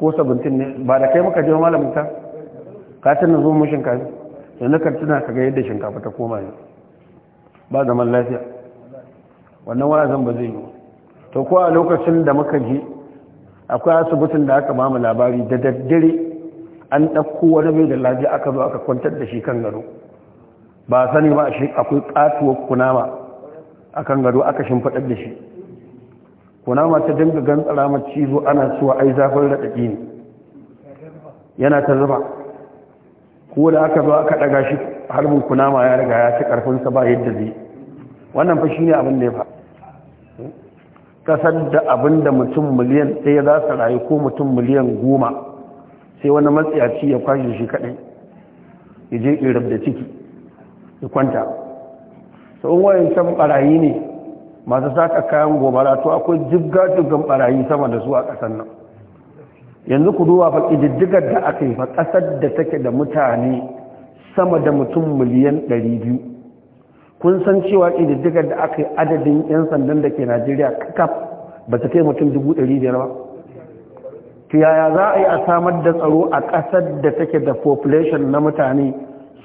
ko sabintin ne ba da kai muka je malamin ta ka tana zo mu shinkafa yanzu ka tuna ka ga yadda shinkafa ta koma ne ba zaman lafiya wannan wa'azin ba zai yi to ko a lokacin da muka je akwai asibitin da aka mamu labari da daddare an ɗauko wani mai da lafiya aka zo aka kwantar da shi kan gado ba sani ba shi akwai katuwar kunama a kan gado aka shimfaɗar da shi kunama ta dinga gantsara ma cizo ana suwa ai zafin raɗaɗi ne yana ta zuba ko da aka zo aka ɗaga shi harbin kunama ya riga ya ci ƙarfinsa ba yadda zai wannan fa shi ne abin da ya fa kasar da abin da mutum miliyan ɗaya za su rayu ko mutum miliyan goma sai wani matsiyaci ya kwashe shi kaɗai ya je ƙirar da ciki ya kwanta sau wayan can barayi ne masu saka kayan gobara to akwai jibga-jibgan barayi sama da su a ƙasar nan yanzu ku duwa fa ƙididdigar da aka yi fa ƙasar da take da mutane sama da mutum miliyan 200 kun san cewa ƙididdigar da aka yi adadin 'yan sandan da ke najeriya kakaf ba ta kai mutum 500 ba yaya za a yi a samar da tsaro a ƙasar da take da population na mutane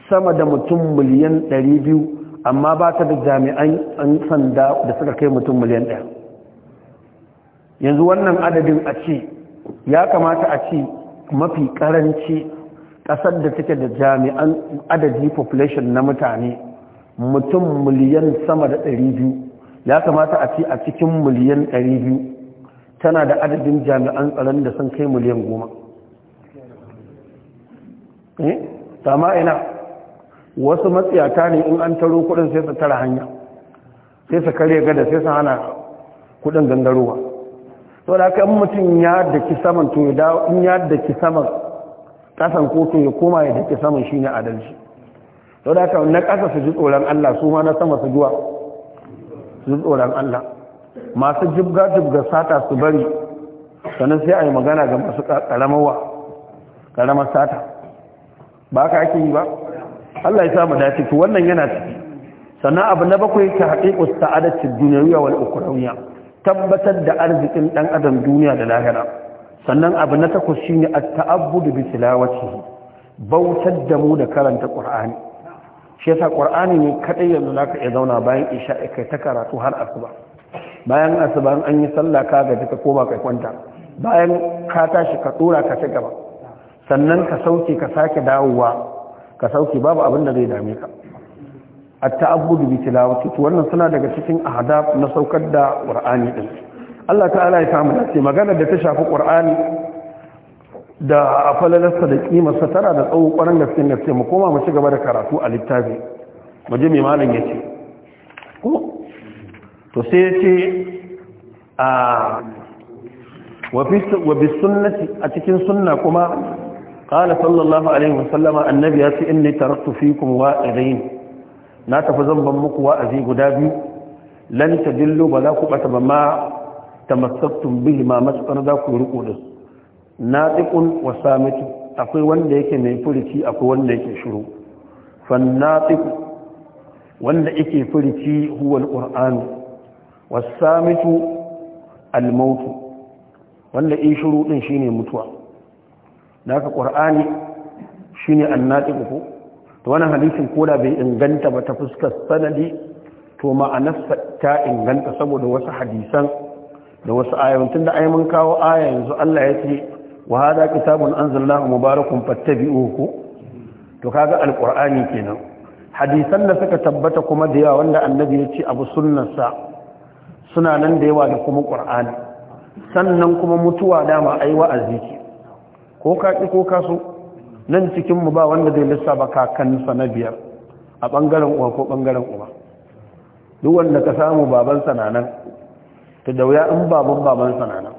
sama da mutum miliyan 200 amma ba ta da jami'an an sanda da suka kai mutum miliyan 1 yanzu wannan adadin a ce ya kamata a ce mafi karanci kasar da take da jami'an adadi population na mutane mutum miliyan sama da 200 ya kamata a ce a cikin miliyan 200 tana da adadin jami'an tsaron da sun kai miliyan 10 eh? sama ina wasu matsiyata ne in an taro kudin sai su tara hanya sai su karya gada sai su hana kudin gangarowa to da aka yi mutum ya daki saman to ya dawo in ya daki saman kasan kotu ya koma ya ki saman shi ne adalci to da aka na kasa su ji tsoron allah su ma na sama su zuwa su ji tsoron allah masu jibga jibga sata su bari sannan sai a yi magana ga masu karamawa karamar sata ba ka ake yi ba Allah ya samu dace to wannan yana ciki sannan abu na bakwai ta haqiqus sa'adati dunyawiyya wal ukhrawiyya tabbatar da arzikin dan adam duniya da lahira sannan abu na takwas shine at-ta'abbudu bi tilawatihi bautar da mu da karanta qur'ani shi yasa qur'ani ne kadai yanzu zaka iya zauna bayan isha kai ta karatu har asuba bayan asuba an yi sallah ka gaji ka koma kai kwanta bayan ka tashi ka tsora ka ci gaba sannan ka sauke ka sake dawowa ka sauke babu abin da zai dame ka a taabbudu bi tilawati wannan suna daga cikin ahdaf na saukar da qur'ani din Allah ta'ala ya samu dace magana da ta shafi qur'ani da falalarsa da sa tana da tsawo da gaske gaske mu koma mu ci da karatu a littafi mu je mai malam ya ce to sai ya ce a ah, wa sunnati a cikin sunna kuma قال صلى الله عليه وسلم النبي يأتي إني تركت فيكم واعظين لا تفزنبا مك واعظي قدابي لن تدلوا ولا كبت بما تمسكتم به ما مسكن ذاك يرقود ناطق وسامت akwai wanda yake mai furici akwai wanda yake shiru fannatik wanda yake furici huwa alqur'an wasamitu almautu wanda yi shiru din shine mutuwa da shi ne shine annati ko to wannan hadisin koda bai inganta ba ta fuskar sanadi to ma'anarsa ta inganta saboda wasu hadisan da wasu ayoyin tunda ai mun kawo aya yanzu Allah ya ce wa hada kitabun anzalallahu mubarakun fattabi'uhu to kaga alqur'ani kenan hadisan da suka tabbata kuma da yawa wanda annabi ya ce abu sunnarsa suna nan da yawa da kuma qur'ani sannan kuma mutuwa dama ai wa'azi ce ko ka ƙi ko ka so nan cikinmu ba wanda zai lissafa kakansa na biyar a ɓangaren uwa ko ɓangaren uwa duk wanda ka samu baban sana'nan nan ta da wuya in baban baban sana'nan nan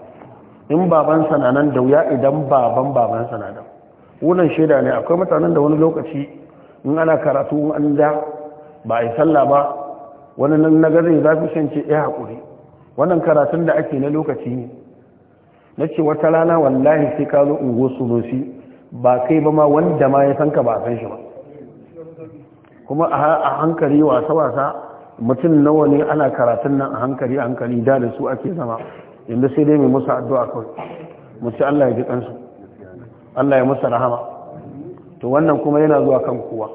in baban sana'nan nan da wuya idan baban baban na nan wunan shaida ne akwai mutanen da wani lokaci in ana karatu an da ba a yi sallah ba wani nan na gare za fi shance ya eh, haƙuri wannan karatun da ake na lokaci ne na ce wata rana wallahi sai ka zo ungo su ba kai ba ma wanda ma ya san ka ba san shi ba kuma a hankali wasa-wasa mutum nawa ne ana karatun nan a hankali a hankali da da su ake zama inda sai dai mai musu addu'a kawai mutu Allah ya ji kansu Allah ya musu rahama to wannan kuma yana zuwa kan kowa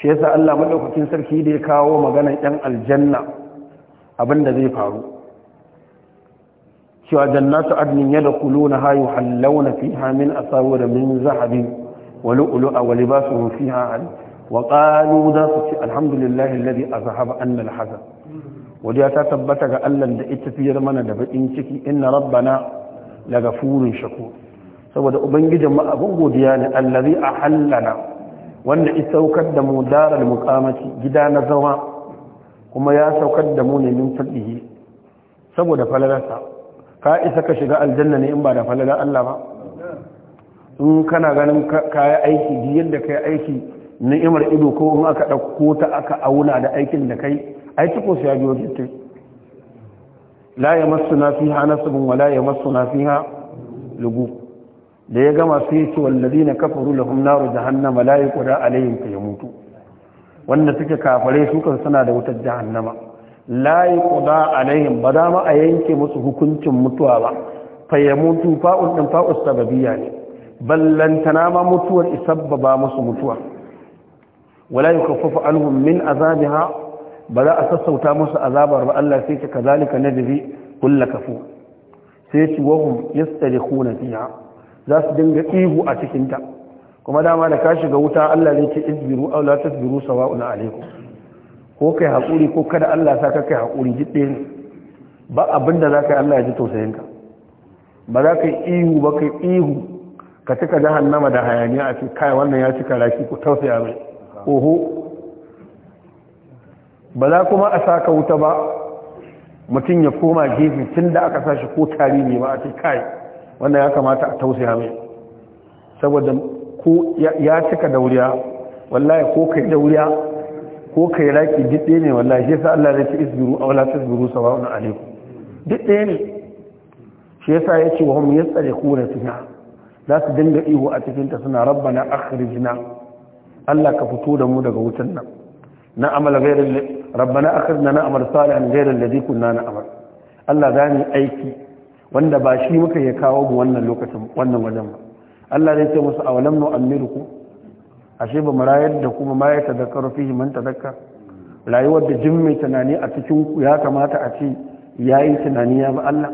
shi yasa Allah madaukakin sarki da ya kawo maganar yan aljanna abin da zai faru cewa jannatu adnin na fi fiha min asawir min zahabin wa lu'lu'a wa libasuhum fiha 'alim wa su ci alhamdulillahi alladhi a 'anna al-hazan wadiya ta tabbata ga Allah da ita fiyar mana da bakin ciki inna rabbana lagafurun shakur saboda ubangijin mu abun godiya ne allazi ahallana wanda ya saukar da mu daral muqamati gida na zama kuma ya saukar da mu ne min saboda falalarsa ka isa ka shiga aljanna ne in ba da falalar Allah ba in kana ganin kayan aiki ji yadda kai aiki ni'imar ido ko in aka ɗauko ta aka auna da aikin da kai ai ciko su ya biyo la ya masu na nasibin wa la ya masu na lugu da ya gama su yi ce na kafaru lahum naru jahannama la ya kuda alayhim ka ya mutu wanda suke kafare su kan suna da wutar jahannama layi kuda a alaihim ba dama a yanke musu hukuncin mutuwa ba fayyamutu fa'ul ɗin fa'us sababiya ne ballantana ma mutuwar isabbaba musu mutuwa wala yukaffafu alhummin min ha ba za a sassauta musu azabar ba Allah sai ce kazalika najzi kulla kafu sai ci wahum yastarikhuna fiha za su dinga ihu a cikinta kuma dama da ka shiga wuta Allah zai ce isbiru aw tasbiru sawa'un alaikum ko kai haƙuri ko kada Allah sa ka kai haƙuri jiɗe ne ba abinda za ka yi Allah ya ji tausayinka ba za ka yi ihu ba ka yi ihu ka cika jahannama da hayaniya a ce kai wannan ya cika rashi ko tausaya mai oho ba za kuma a sa ka wuta ba mutum ya koma gefe tun da aka sa shi ko tari ne ba a ce kai wannan ya kamata a tausaya mai saboda ko ya cika dauriya wallahi ko kai dauriya ko kai raki duk ɗaya ne wallahi shi yasa Allah ya ci isbiru aw la tasbiru sawa'un alaikum duk ɗaya ne shi yasa ya ce wa hum yasriquna fiha za su dinga ihu a cikin ta suna rabbana akhrijna Allah ka fito da mu daga wutan nan na amala ghayra rabbana akhrijna na amal salihan ghayra alladhi kunna na'mal Allah za mu aiki wanda ba shi muka yi kawo mu wannan lokacin wannan wajen ba Allah zai ce musu awalam nu amirukum ashe ba mu rayar da kuma ma ya tadakkaru fihi man tadakkar rayuwar da jin mai tunani a cikin ku ya kamata a ce ya yi tunani ya ba Allah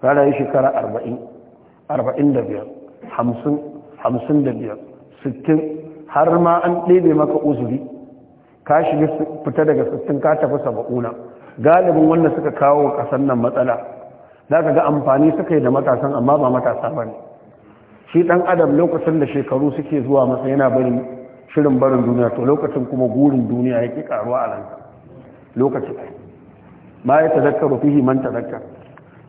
ka rayu shekara arba'in arba'in da biyar hamsin da biyar sittin har ma an ɗebe maka uzuri ka shiga fita daga sittin ka tafi saba'una galibin wanda suka kawo ƙasar nan matsala za ka ga amfani suka yi da matasan amma ba matasa ba ne shi dan adam lokacin da shekaru suke zuwa masa yana barin shirin barin duniya to lokacin kuma gurin duniya yake karuwa a ranka lokaci ɗaya ma ya tazakkaru fihi man tazakkar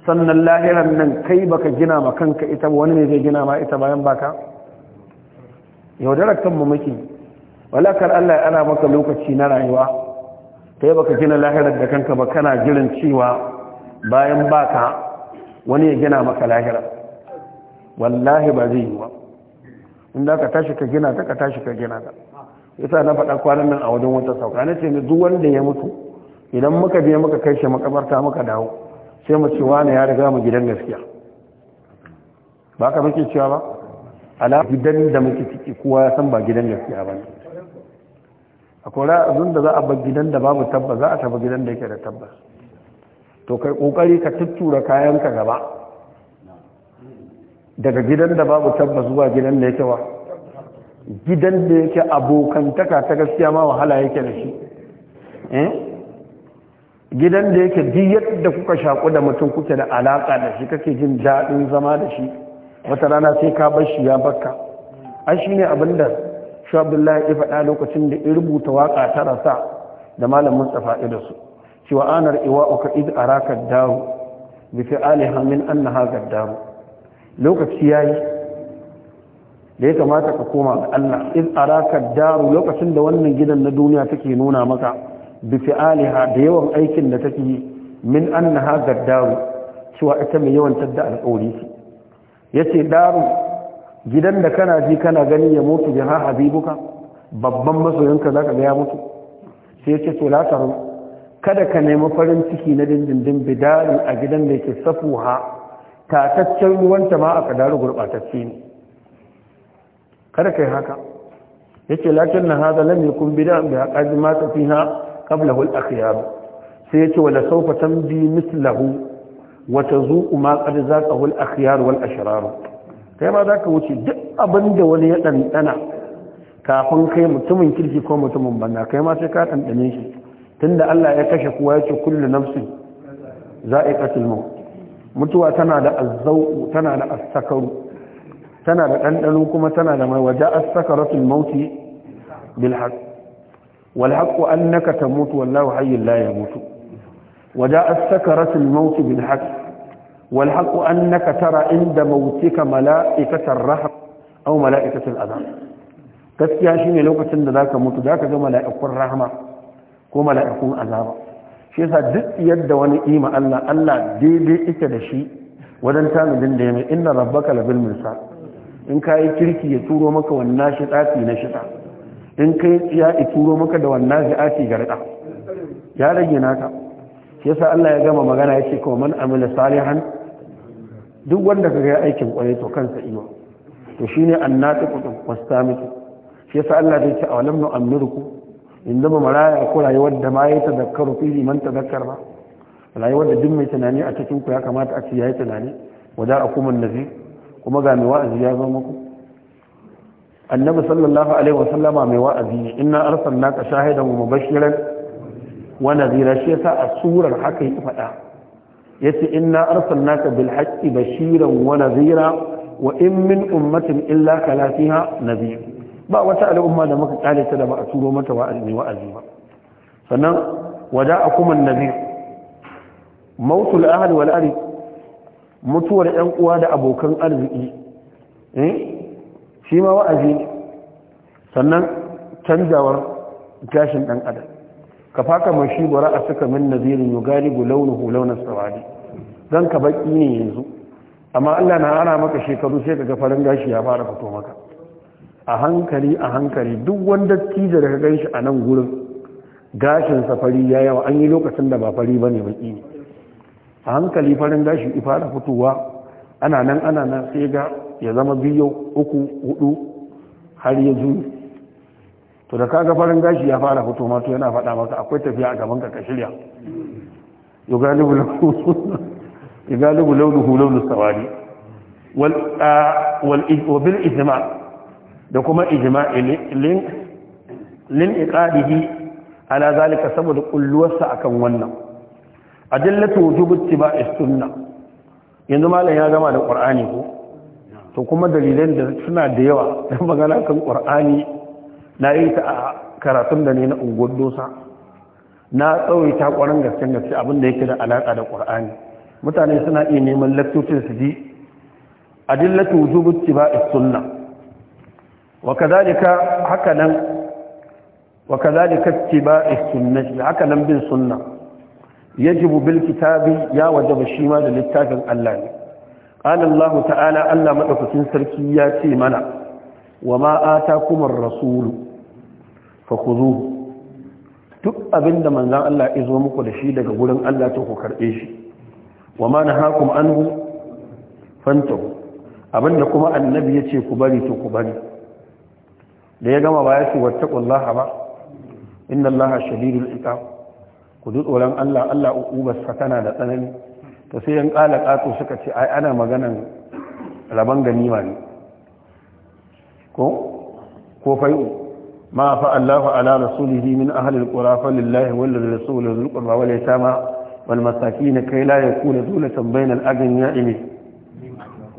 sannan lahiran nan kai baka gina ma kanka ita wani ne zai gina ma ita bayan baka yaudarar kanmu muke walakar Allah ya ana maka lokaci na rayuwa kai baka gina lahirar da kanka ba kana jiran cewa bayan baka wani ya gina maka lahirar wallahi ba zai yi ba inda ka tashi ka gina ta ka tashi ka gina ta yasa na faɗa kwanan nan a wajen wata sauka na ce duk wanda ya mutu idan muka je muka kai shi makabarta muka dawo sai mu ce wani ya riga mu gidan gaskiya ba ka muke cewa ba ala gidan da muke ciki kowa ya san ba gidan gaskiya ba A kora ra'azin da za a bar gidan da babu tabbas za a taba gidan da yake da tabbas to kai kokari ka tuttura kayanka gaba daga gidan da babu tabba zuwa gidan da yake wa gidan da yake abokantaka ta gaskiya ma wahala yake da shi eh? gidan da yake duk yadda kuka shaku da mutum kuke da alaƙa da shi kake jin daɗin zama da shi wata rana sai ka bar shi ya bakka a shi ne abin da shabullahi ya faɗa lokacin da ya rubuta waƙa ta rasa da malamin mustapha da su cewa anar iwa uka id araka daru bi fi'aliha min annaha gaddaru lokaci ya yi da ya kamata ka koma ga Allah in araka daru lokacin da wannan gidan na duniya take nuna maka bi fi'aliha da yawan aikin da take yi min annaha daru cewa ita mai yawan tadda alƙawari ce yace daru gidan da kana ji kana gani ya mutu biha habibuka babban masoyinka zaka ga ya mutu sai yace to kada ka nemi farin ciki na dindindin bidari a gidan da yake safuha tataccen ruwanta ma a kadaru gurɓatacce ne kada kai haka yake lakin na hada lam yakun bid'an bi haqaji ma fiha qablahu al-akhyar sai yace wala sawfa tamdi mislahu wa tazuqu ma qad zaqahu al-akhyar wal ashrar kai ma zaka wuce duk abinda wani ya dandana kafin kai mutumin kirki ko mutumin banna kai ma sai ka dandane shi tunda Allah ya kashe kowa yace kullu nafsin za'iqatul maut mutuwa tana da azzau tana da as tana da ɗanɗano kuma tana da mai waje as-sakaratul mauti bil haqq wal haqqu annaka tamut wallahu hayyul la yamut waje as-sakaratul mauti bil haqq wal haqqu annaka tara inda mautika mala'ikatar rahab aw mala'ikatul azab gaskiya shine lokacin da zaka mutu zaka ga mala'ikun rahama ko mala'ikun azaba shi yasa duk yadda wani ima Allah Allah daidai ita da shi wajen tanadin da ya mai inna rabbaka labil mirsal in ka yi kirki ya turo maka wannan shi tsafi na shida in ka yi tsiya ya turo maka da wannan zi'ati garda ya rage naka shi yasa Allah ya gama magana ya ko man amila salihan duk wanda ka ga aikin kwaye to kansa iyo to shine annatiqu wastamitu shi yasa Allah zai ce awalam nu amirukum in zama maraya ko rayuwar da ma ya tazakkaru fi man tazakkar ba rayuwar da duk mai tunani a cikin ku ya kamata a ce ya yi tunani wajen akumin nazi kuma ga mai wa'azi ya zo muku annabi sallallahu alaihi wasallama mai wa'azi ne inna ka shahida mu mubashiran wa nadhira shi yasa a surar haka yi fada yace inna arsalnaka bil haqqi bashiran wa nadhira wa in min ummatin illa kala fiha nadhir ba wata al'umma da muka kare ta da ba a turo mata wa'azi wa'azi ba sannan wada a kuma nabi mautul ahal wal ari mutuwar yan uwa da abokan arziki eh shi ma wa'azi sannan canjawar gashin dan adam ka faka shi bara a suka min nazirin yugalibu launuhu launas sawadi dan ka baki ne yanzu amma Allah na ana maka shekaru sai ka ga farin gashi ya fara fito maka a hankali a hankali duk wanda tijar ka gan shi a nan gurin gashin safari ya yawa an yi lokacin da ba fari ba ne baki ne a hankali farin gashi fara fitowa ana nan ana nan sai ga ya zama biyu uku hudu har ya zuwa to da kaga farin gashi ya fara fito ma to yana faɗa maka akwai tafiya a gaban ka ka shirya yugalibu yugalibu launuhu sawari wal wal da kuma ijma'i lin lin iqadihi ala zalika saboda kulluwarsa akan wannan ajallatu wujub ittiba'i sunna yanzu malam ya gama da qur'ani ko to kuma dalilan da suna da yawa dan magana kan qur'ani na yi ta a karatun da ne na unguwar dosa na tsawaita kwarin gasken gaske abin da yake da alaka da qur'ani mutane suna iya neman laktocin su ji adillatu wujub ittiba'i sunna wakazalika haka nan wakazalika ittiba'i sunnati haka nan bin sunna yajibu bil kitabi ya wajaba shi ma da littafin Allah ne qala Allah ta'ala Allah madaukakin sarki ya ce mana wama atakum ar-rasul fakhuzuhu duk abinda manzon Allah ya zo muku da shi daga gurin Allah to ku karbe shi wama nahakum anhu fantahu abinda kuma annabi ya ce ku bari to ku bari da ya gama baya su wata ƙullaha ba inda Allah a ita ku tsoron Allah Allah uku ba su da tsanani ta sai yan ƙala ƙato suka ce ai ana maganan rabon ganima ne ko ko fai'u ma fa Allah fa ala rasulihi min ahlil qura fa lillahi wal rasul zul qurba wal yatama wal masakin kai la yakuna dulatan bainal aghniya'i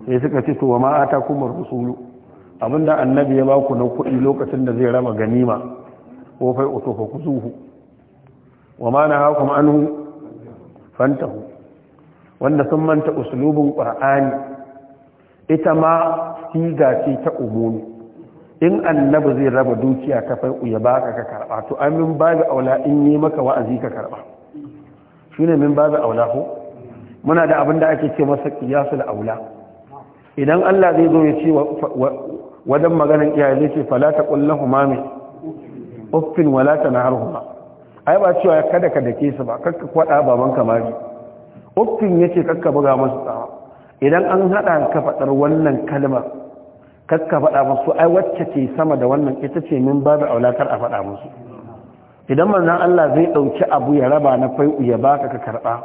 sai suka ci to wa ma atakum rusulu abinda annabi ya baku na kuɗi lokacin da zai rama ganima ko fai utufa kuzuhu wa ma nahakum anhu fantahu wanda sun manta uslubin qur'ani ita ma siga ce ta umumi in annabi zai raba dukiya ta fai ya baka ka karba to amin babu aula in yi maka wa'azi ka karba ne min babu aula ko muna da abinda ake ce masa qiyasul aula idan Allah zai zo ya ce wajen maganin iyaye zai ce fala ta kullu huma mai uffin wala tanharhuma ai ba cewa kada ka dake su ba kakka kwada baban kamari uffin yace kakka buga musu tsawa idan an hada ka fadar wannan kalmar kakka fada musu ai wacce ce sama da wannan ita ce min babu aulakar a fada musu idan manzon Allah zai dauki abu ya raba na fai'u ya baka ka karba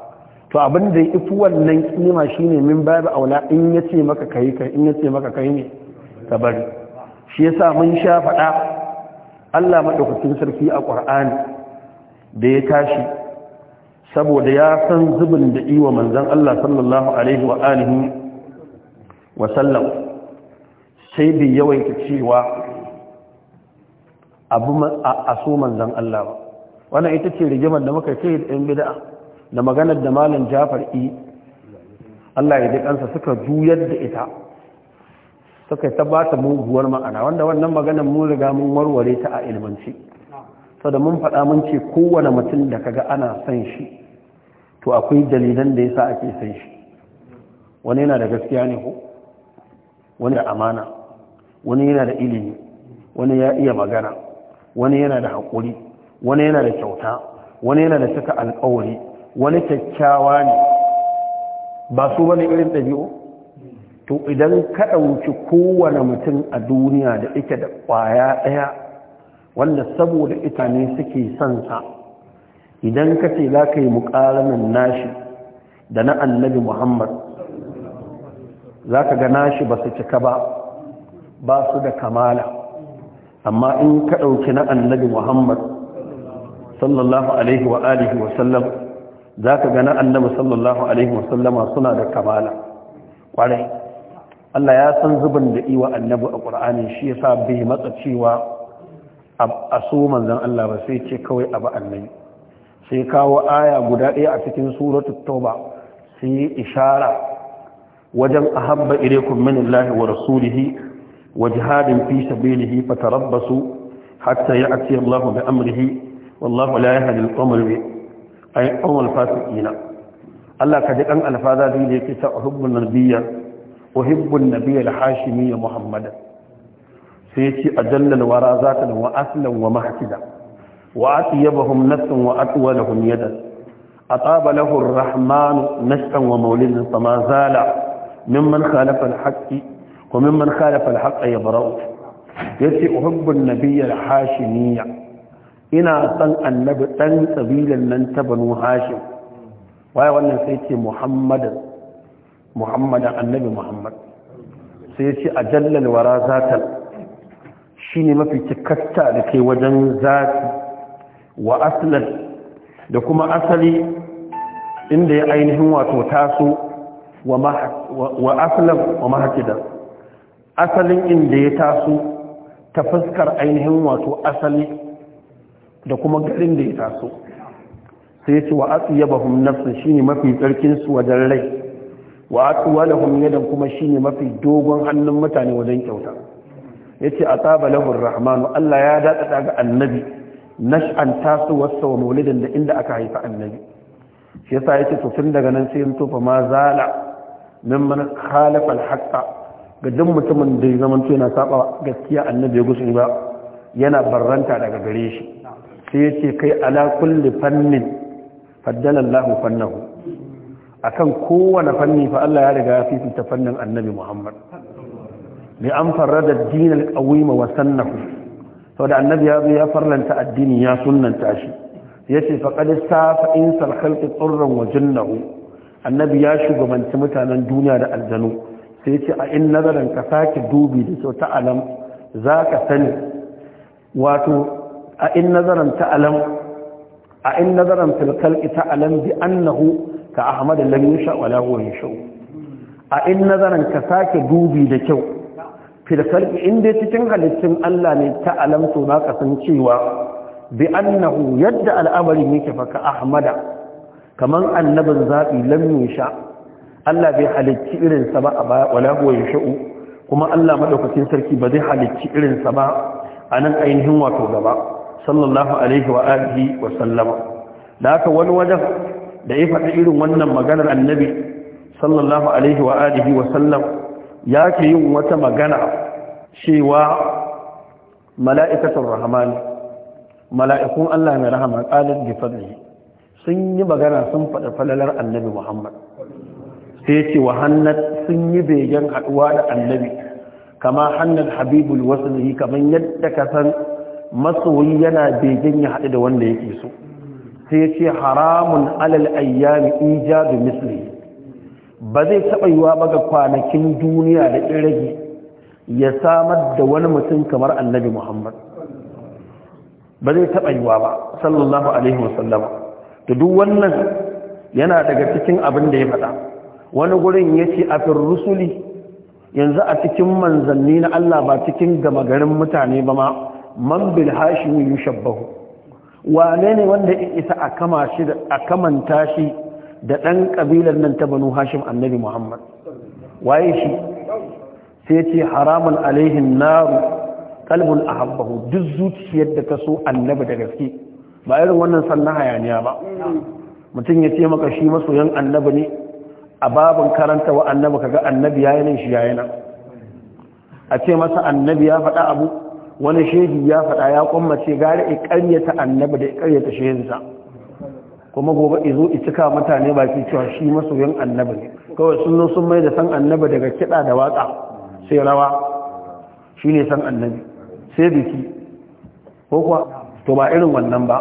to abin da ya fi wannan kima shine min babu aula in yace maka kai kai in yace maka kai ne ka bari shi yasa mun sha faɗa Allah madaukakin sarki a Qur'ani da ya tashi saboda ya san zubin da iwa manzon Allah sallallahu alaihi wa alihi wa sallam sai bi yawaita cewa abu a so manzon Allah ba wannan ita ce rigimar da muka ce da bid'a da maganar da malam Jafar i e, Allah ya ji kansa suka juyar da ita suka ta ba ta muguwar ma'ana wanda wannan maganar mun riga mun warware ta a ilmanci sada mun faɗa mun ce kowane mutum da kaga ana san shi to akwai dalilan da yasa ake son shi wani yana da gaskiya ne ko wani da amana wani yana da ilimi wani ya iya magana wani yana da haƙuri wani yana da kyauta wani yana da cika alƙawari wani kyakkyawa ne ba su bane irin ɗabi'u to idan ka ɗauki kowane mutum a duniya da ita da ƙwaya ɗaya wanda saboda ita ne suke son idan ka ce za ka yi muƙaranin nashi da na annabi muhammad za ka ga nashi ba su cika ba ba su da kamala amma in ka ɗauki na annabi muhammad sallallahu alaihi wa alihi wasallam za ka ga na annabi sallallahu alaihi wasallama suna da kamala ƙwarai Allah ya san zubin da iwa annabi a ƙur'ani shi yasa bai matsa cewa a so manzon Allah ba sai ce kawai abu annabi sai kawo aya guda ɗaya a cikin suratul tauba sai ishara wajen ahabba ilaykum minallahi wa rasulihi wa jihadin fi sabilihi fatarabbasu hatta ya'ti Allahu bi amrihi wallahu la yahdi al-qawma al-fasiqina Allah ka ji kan alfaza da yake ta hubbun nabiyya uhibbun nabiyyi al-hashimi muhammad sai a ajallal wara za zatan wa aslan wa mahsida wa atyabahum nafsan wa atwalahum yadan ataba lahu ar-rahman nashtan wa mawlidan fama zala mimman khalafa al-haqqi wa mimman khalafa al-haqqa yabra'u yace uhibbun nabiyyi al-hashimiyya ina san annabi dan kabilan nan ta banu hashim waye wannan sai ce muhammadan muhammadan annabi muhammad sai ya ce a jallal wara zatal shi ne mafi cikatta da ke wajen zafi wa asalin da kuma asali inda ya ainihin wato taso wa asalin wa mahakidan asalin inda ya taso ta fuskar ainihin wato asali da kuma garin da ya taso sai ya ce wa asiyabahum nafsin shine mafi tsarkinsu wajen rai wa wani lahum yadan kuma shine mafi dogon hannun mutane wajen kyauta yace ataba lahu rahmanu Allah ya dada ga annabi nash'an tasu wasa wa maulidan da inda aka haifa annabi shi yasa yace to tun daga nan sai in tofa ma zala mimman khalafa al ga duk mutumin da ya zama yana saba gaskiya annabi ya gusu ba yana barranta daga gare shi sai yace kai ala kulli fannin faddala Allahu fannahu akan kowane fanni fa Allah ya riga ya fifita fannin annabi Muhammad bi an farrada dinal qawima wa sannahu Saboda annabi ya ya farlanta addini ya sunnanta shi yace faqad safa insal khalqi turran wa jannahu annabi ya shugabanci mutanen duniya da aljanu sai yace a in nazaran ka saki dubi da so ta alam zaka sani wato a in nazaran ta alam a in nazaran fil khalqi ta alam bi annahu ka ahmad lam yusha wala huwa yusha a in nazaran ka sake dubi da kyau fil in inda cikin halittun Allah ne ta alamtu na cewa bi annahu yadda al'amarin yake fa ka ahmada kaman annabin zabi lam yusha Allah bai halicci irin sa ba wala huwa yusha kuma Allah madaukakin sarki ba zai halicci irin sa ba anan ainihin wato gaba sallallahu alaihi wa alihi wa sallama da haka wani wajen da ya faɗi irin wannan maganar annabi sallallahu alaihi wa alihi wa sallam ya ke yin wata magana cewa mala'ikatun rahman mala'ikun Allah mai rahama qalil bi sun yi magana sun faɗi falalar annabi Muhammad sai ce wa hannat sun yi begen haɗuwa da annabi kama hannat habibul waslihi kaman yadda ka san masoyi yana begen ya haɗu da wanda yake so sai ya ce haramun alal ayyami ijadu misli ba zai taɓa yiwa ba ga kwanakin duniya da irage ya samar da wani mutum kamar annabi muhammad ba zai taɓa yiwa ba sallallahu alaihi wasallama da duk wannan yana daga cikin abin da ya faɗa wani gurin ya ce a rusuli yanzu a cikin manzanni na allah ba cikin gama garin mutane ba ma man bil hashimi yushabbahu wane ne wanda ya isa a kamanta shi da ɗan ƙabilar nan ta banu hashim annabi muhammad waye shi sai ce haramun alaihin naru a ahabbahu duk zuciyar da ta so annabi da gaske ba irin wannan sannan hayaniya ba mutum ya ce maka shi masoyan annabi ne a babin karanta wa annabi kaga annabi yi nan shi yi nan a ce masa annabi ya faɗa abu wani shehi ya faɗa ya kwammace gari a ƙaryata annabi da ƙaryata shehinsa kuma gobe izo i cika mutane baki cewa shi masoyin annabi ne kawai sun zo sun mai da san annabi daga kiɗa da waƙa sai rawa shi ne san annabi sai biki ko kuwa to ba irin wannan ba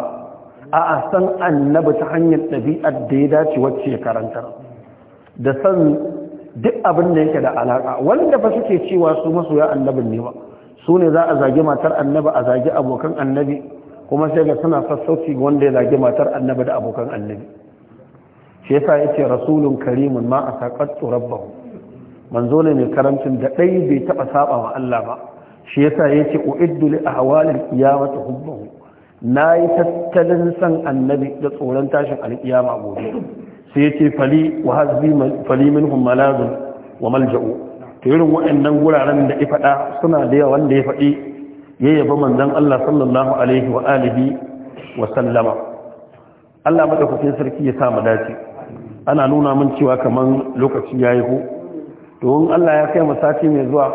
a'a san annabi ta hanyar ɗabi'ar da ya dace wacce ya karantar da san duk abin da yake da alaƙa wanda ba suke cewa su masoya annabin ne ba su ne za a zagi matar annabi a zagi abokan annabi kuma sai ga suna sassauci wanda ya zagi matar annabi da abokan annabi shi yasa yace rasulun karimun ma asaqattu rabbahu manzo ne mai karamcin da ɗai bai taɓa saɓa wa Allah ba shi yasa yace uiddu li ahwalil qiyamati na nayi tattalin san annabi da tsoron tashin alkiyama gobe sai yace fali wa hazbi fali minhum malazun wa malja'u ta irin waɗannan wuraren da ya faɗa suna da yawa wanda ya faɗi ya yaba manzon Allah sallallahu alaihi wa alihi wa sallama Allah madaukakin sarki ya sa mu dace ana nuna min cewa kamar lokaci yi ko to wani Allah ya kai mu sati mai zuwa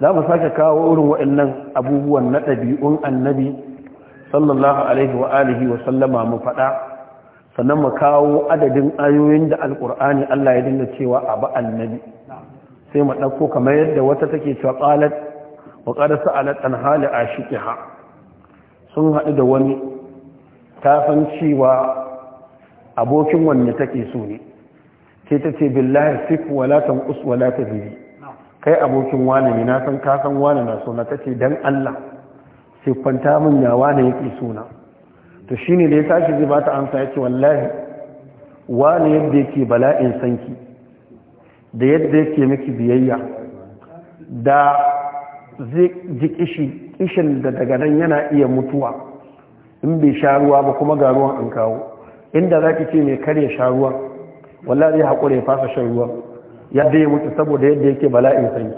za mu sake kawo irin waɗannan abubuwan na ɗabi'un annabi sallallahu alaihi wa alihi wa sallama mu faɗa sannan mu kawo adadin ayoyin da alkur'ani Allah ya dinga cewa abu annabi sai mu ɗauko kamar yadda wata take cewa ƙalat wa ƙada sa'alat hali a ha sun haɗu da wani ta san cewa abokin wanne take so ne sai ta ce billahi sif wala us wala tabibi kai abokin wani ne na san ka san wani na so na ce dan Allah sai min ya wani yake so na to shine da ya tashi zai bata amsa yace wallahi wani yadda yake bala'in sanki da yadda yake miki biyayya da zai ji kishi kishin da daga nan yana iya mutuwa in bai sha ruwa ba kuma ga ruwan an kawo inda za ki ce mai karya sha ruwa wallah zai haƙura ya fasa shan ruwa yadda ya mutu saboda yadda yake bala'in sanyi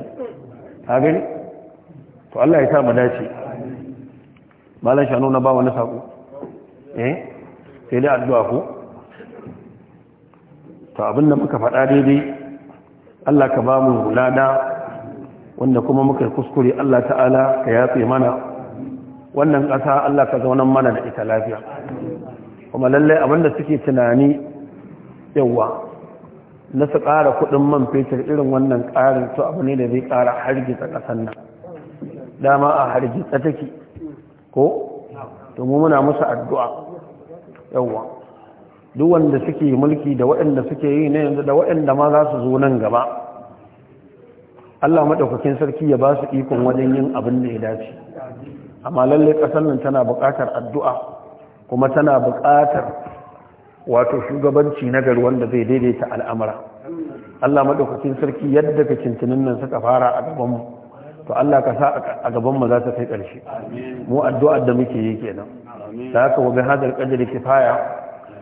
a gani to Allah ya sa mu dace malan shanu na ba wani sako eh sai dai addu'a ko to abin da muka faɗa daidai Allah ka ba mu lada wanda kuma muka kuskure Allah ta'ala ka yafe mana wannan ƙasa Allah ka zaunan mana da ita lafiya kuma lallai abinda suke tunani yawa na su ƙara kuɗin man fetur irin wannan ƙarin to abu ne da zai ƙara hargitsa ƙasan nan dama a hargitsa take ko to muna musu addu'a yawa duk wanda suke mulki da waɗanda suke yi na yanzu da waɗanda ma za su zo nan gaba Allah maɗaukakin sarki ya ba su ikon wajen yin abin da ya dace amma lallai ƙasar nan tana buƙatar addu'a kuma tana buƙatar wato shugabanci na gari wanda zai daidaita al'amura Allah maɗaukakin sarki yadda ka cincinin nan suka fara a mu, to Allah ka sa a mu za ta kai ƙarshe mu addu'ar da muke yi kenan Za ka wa bi hadal kifaya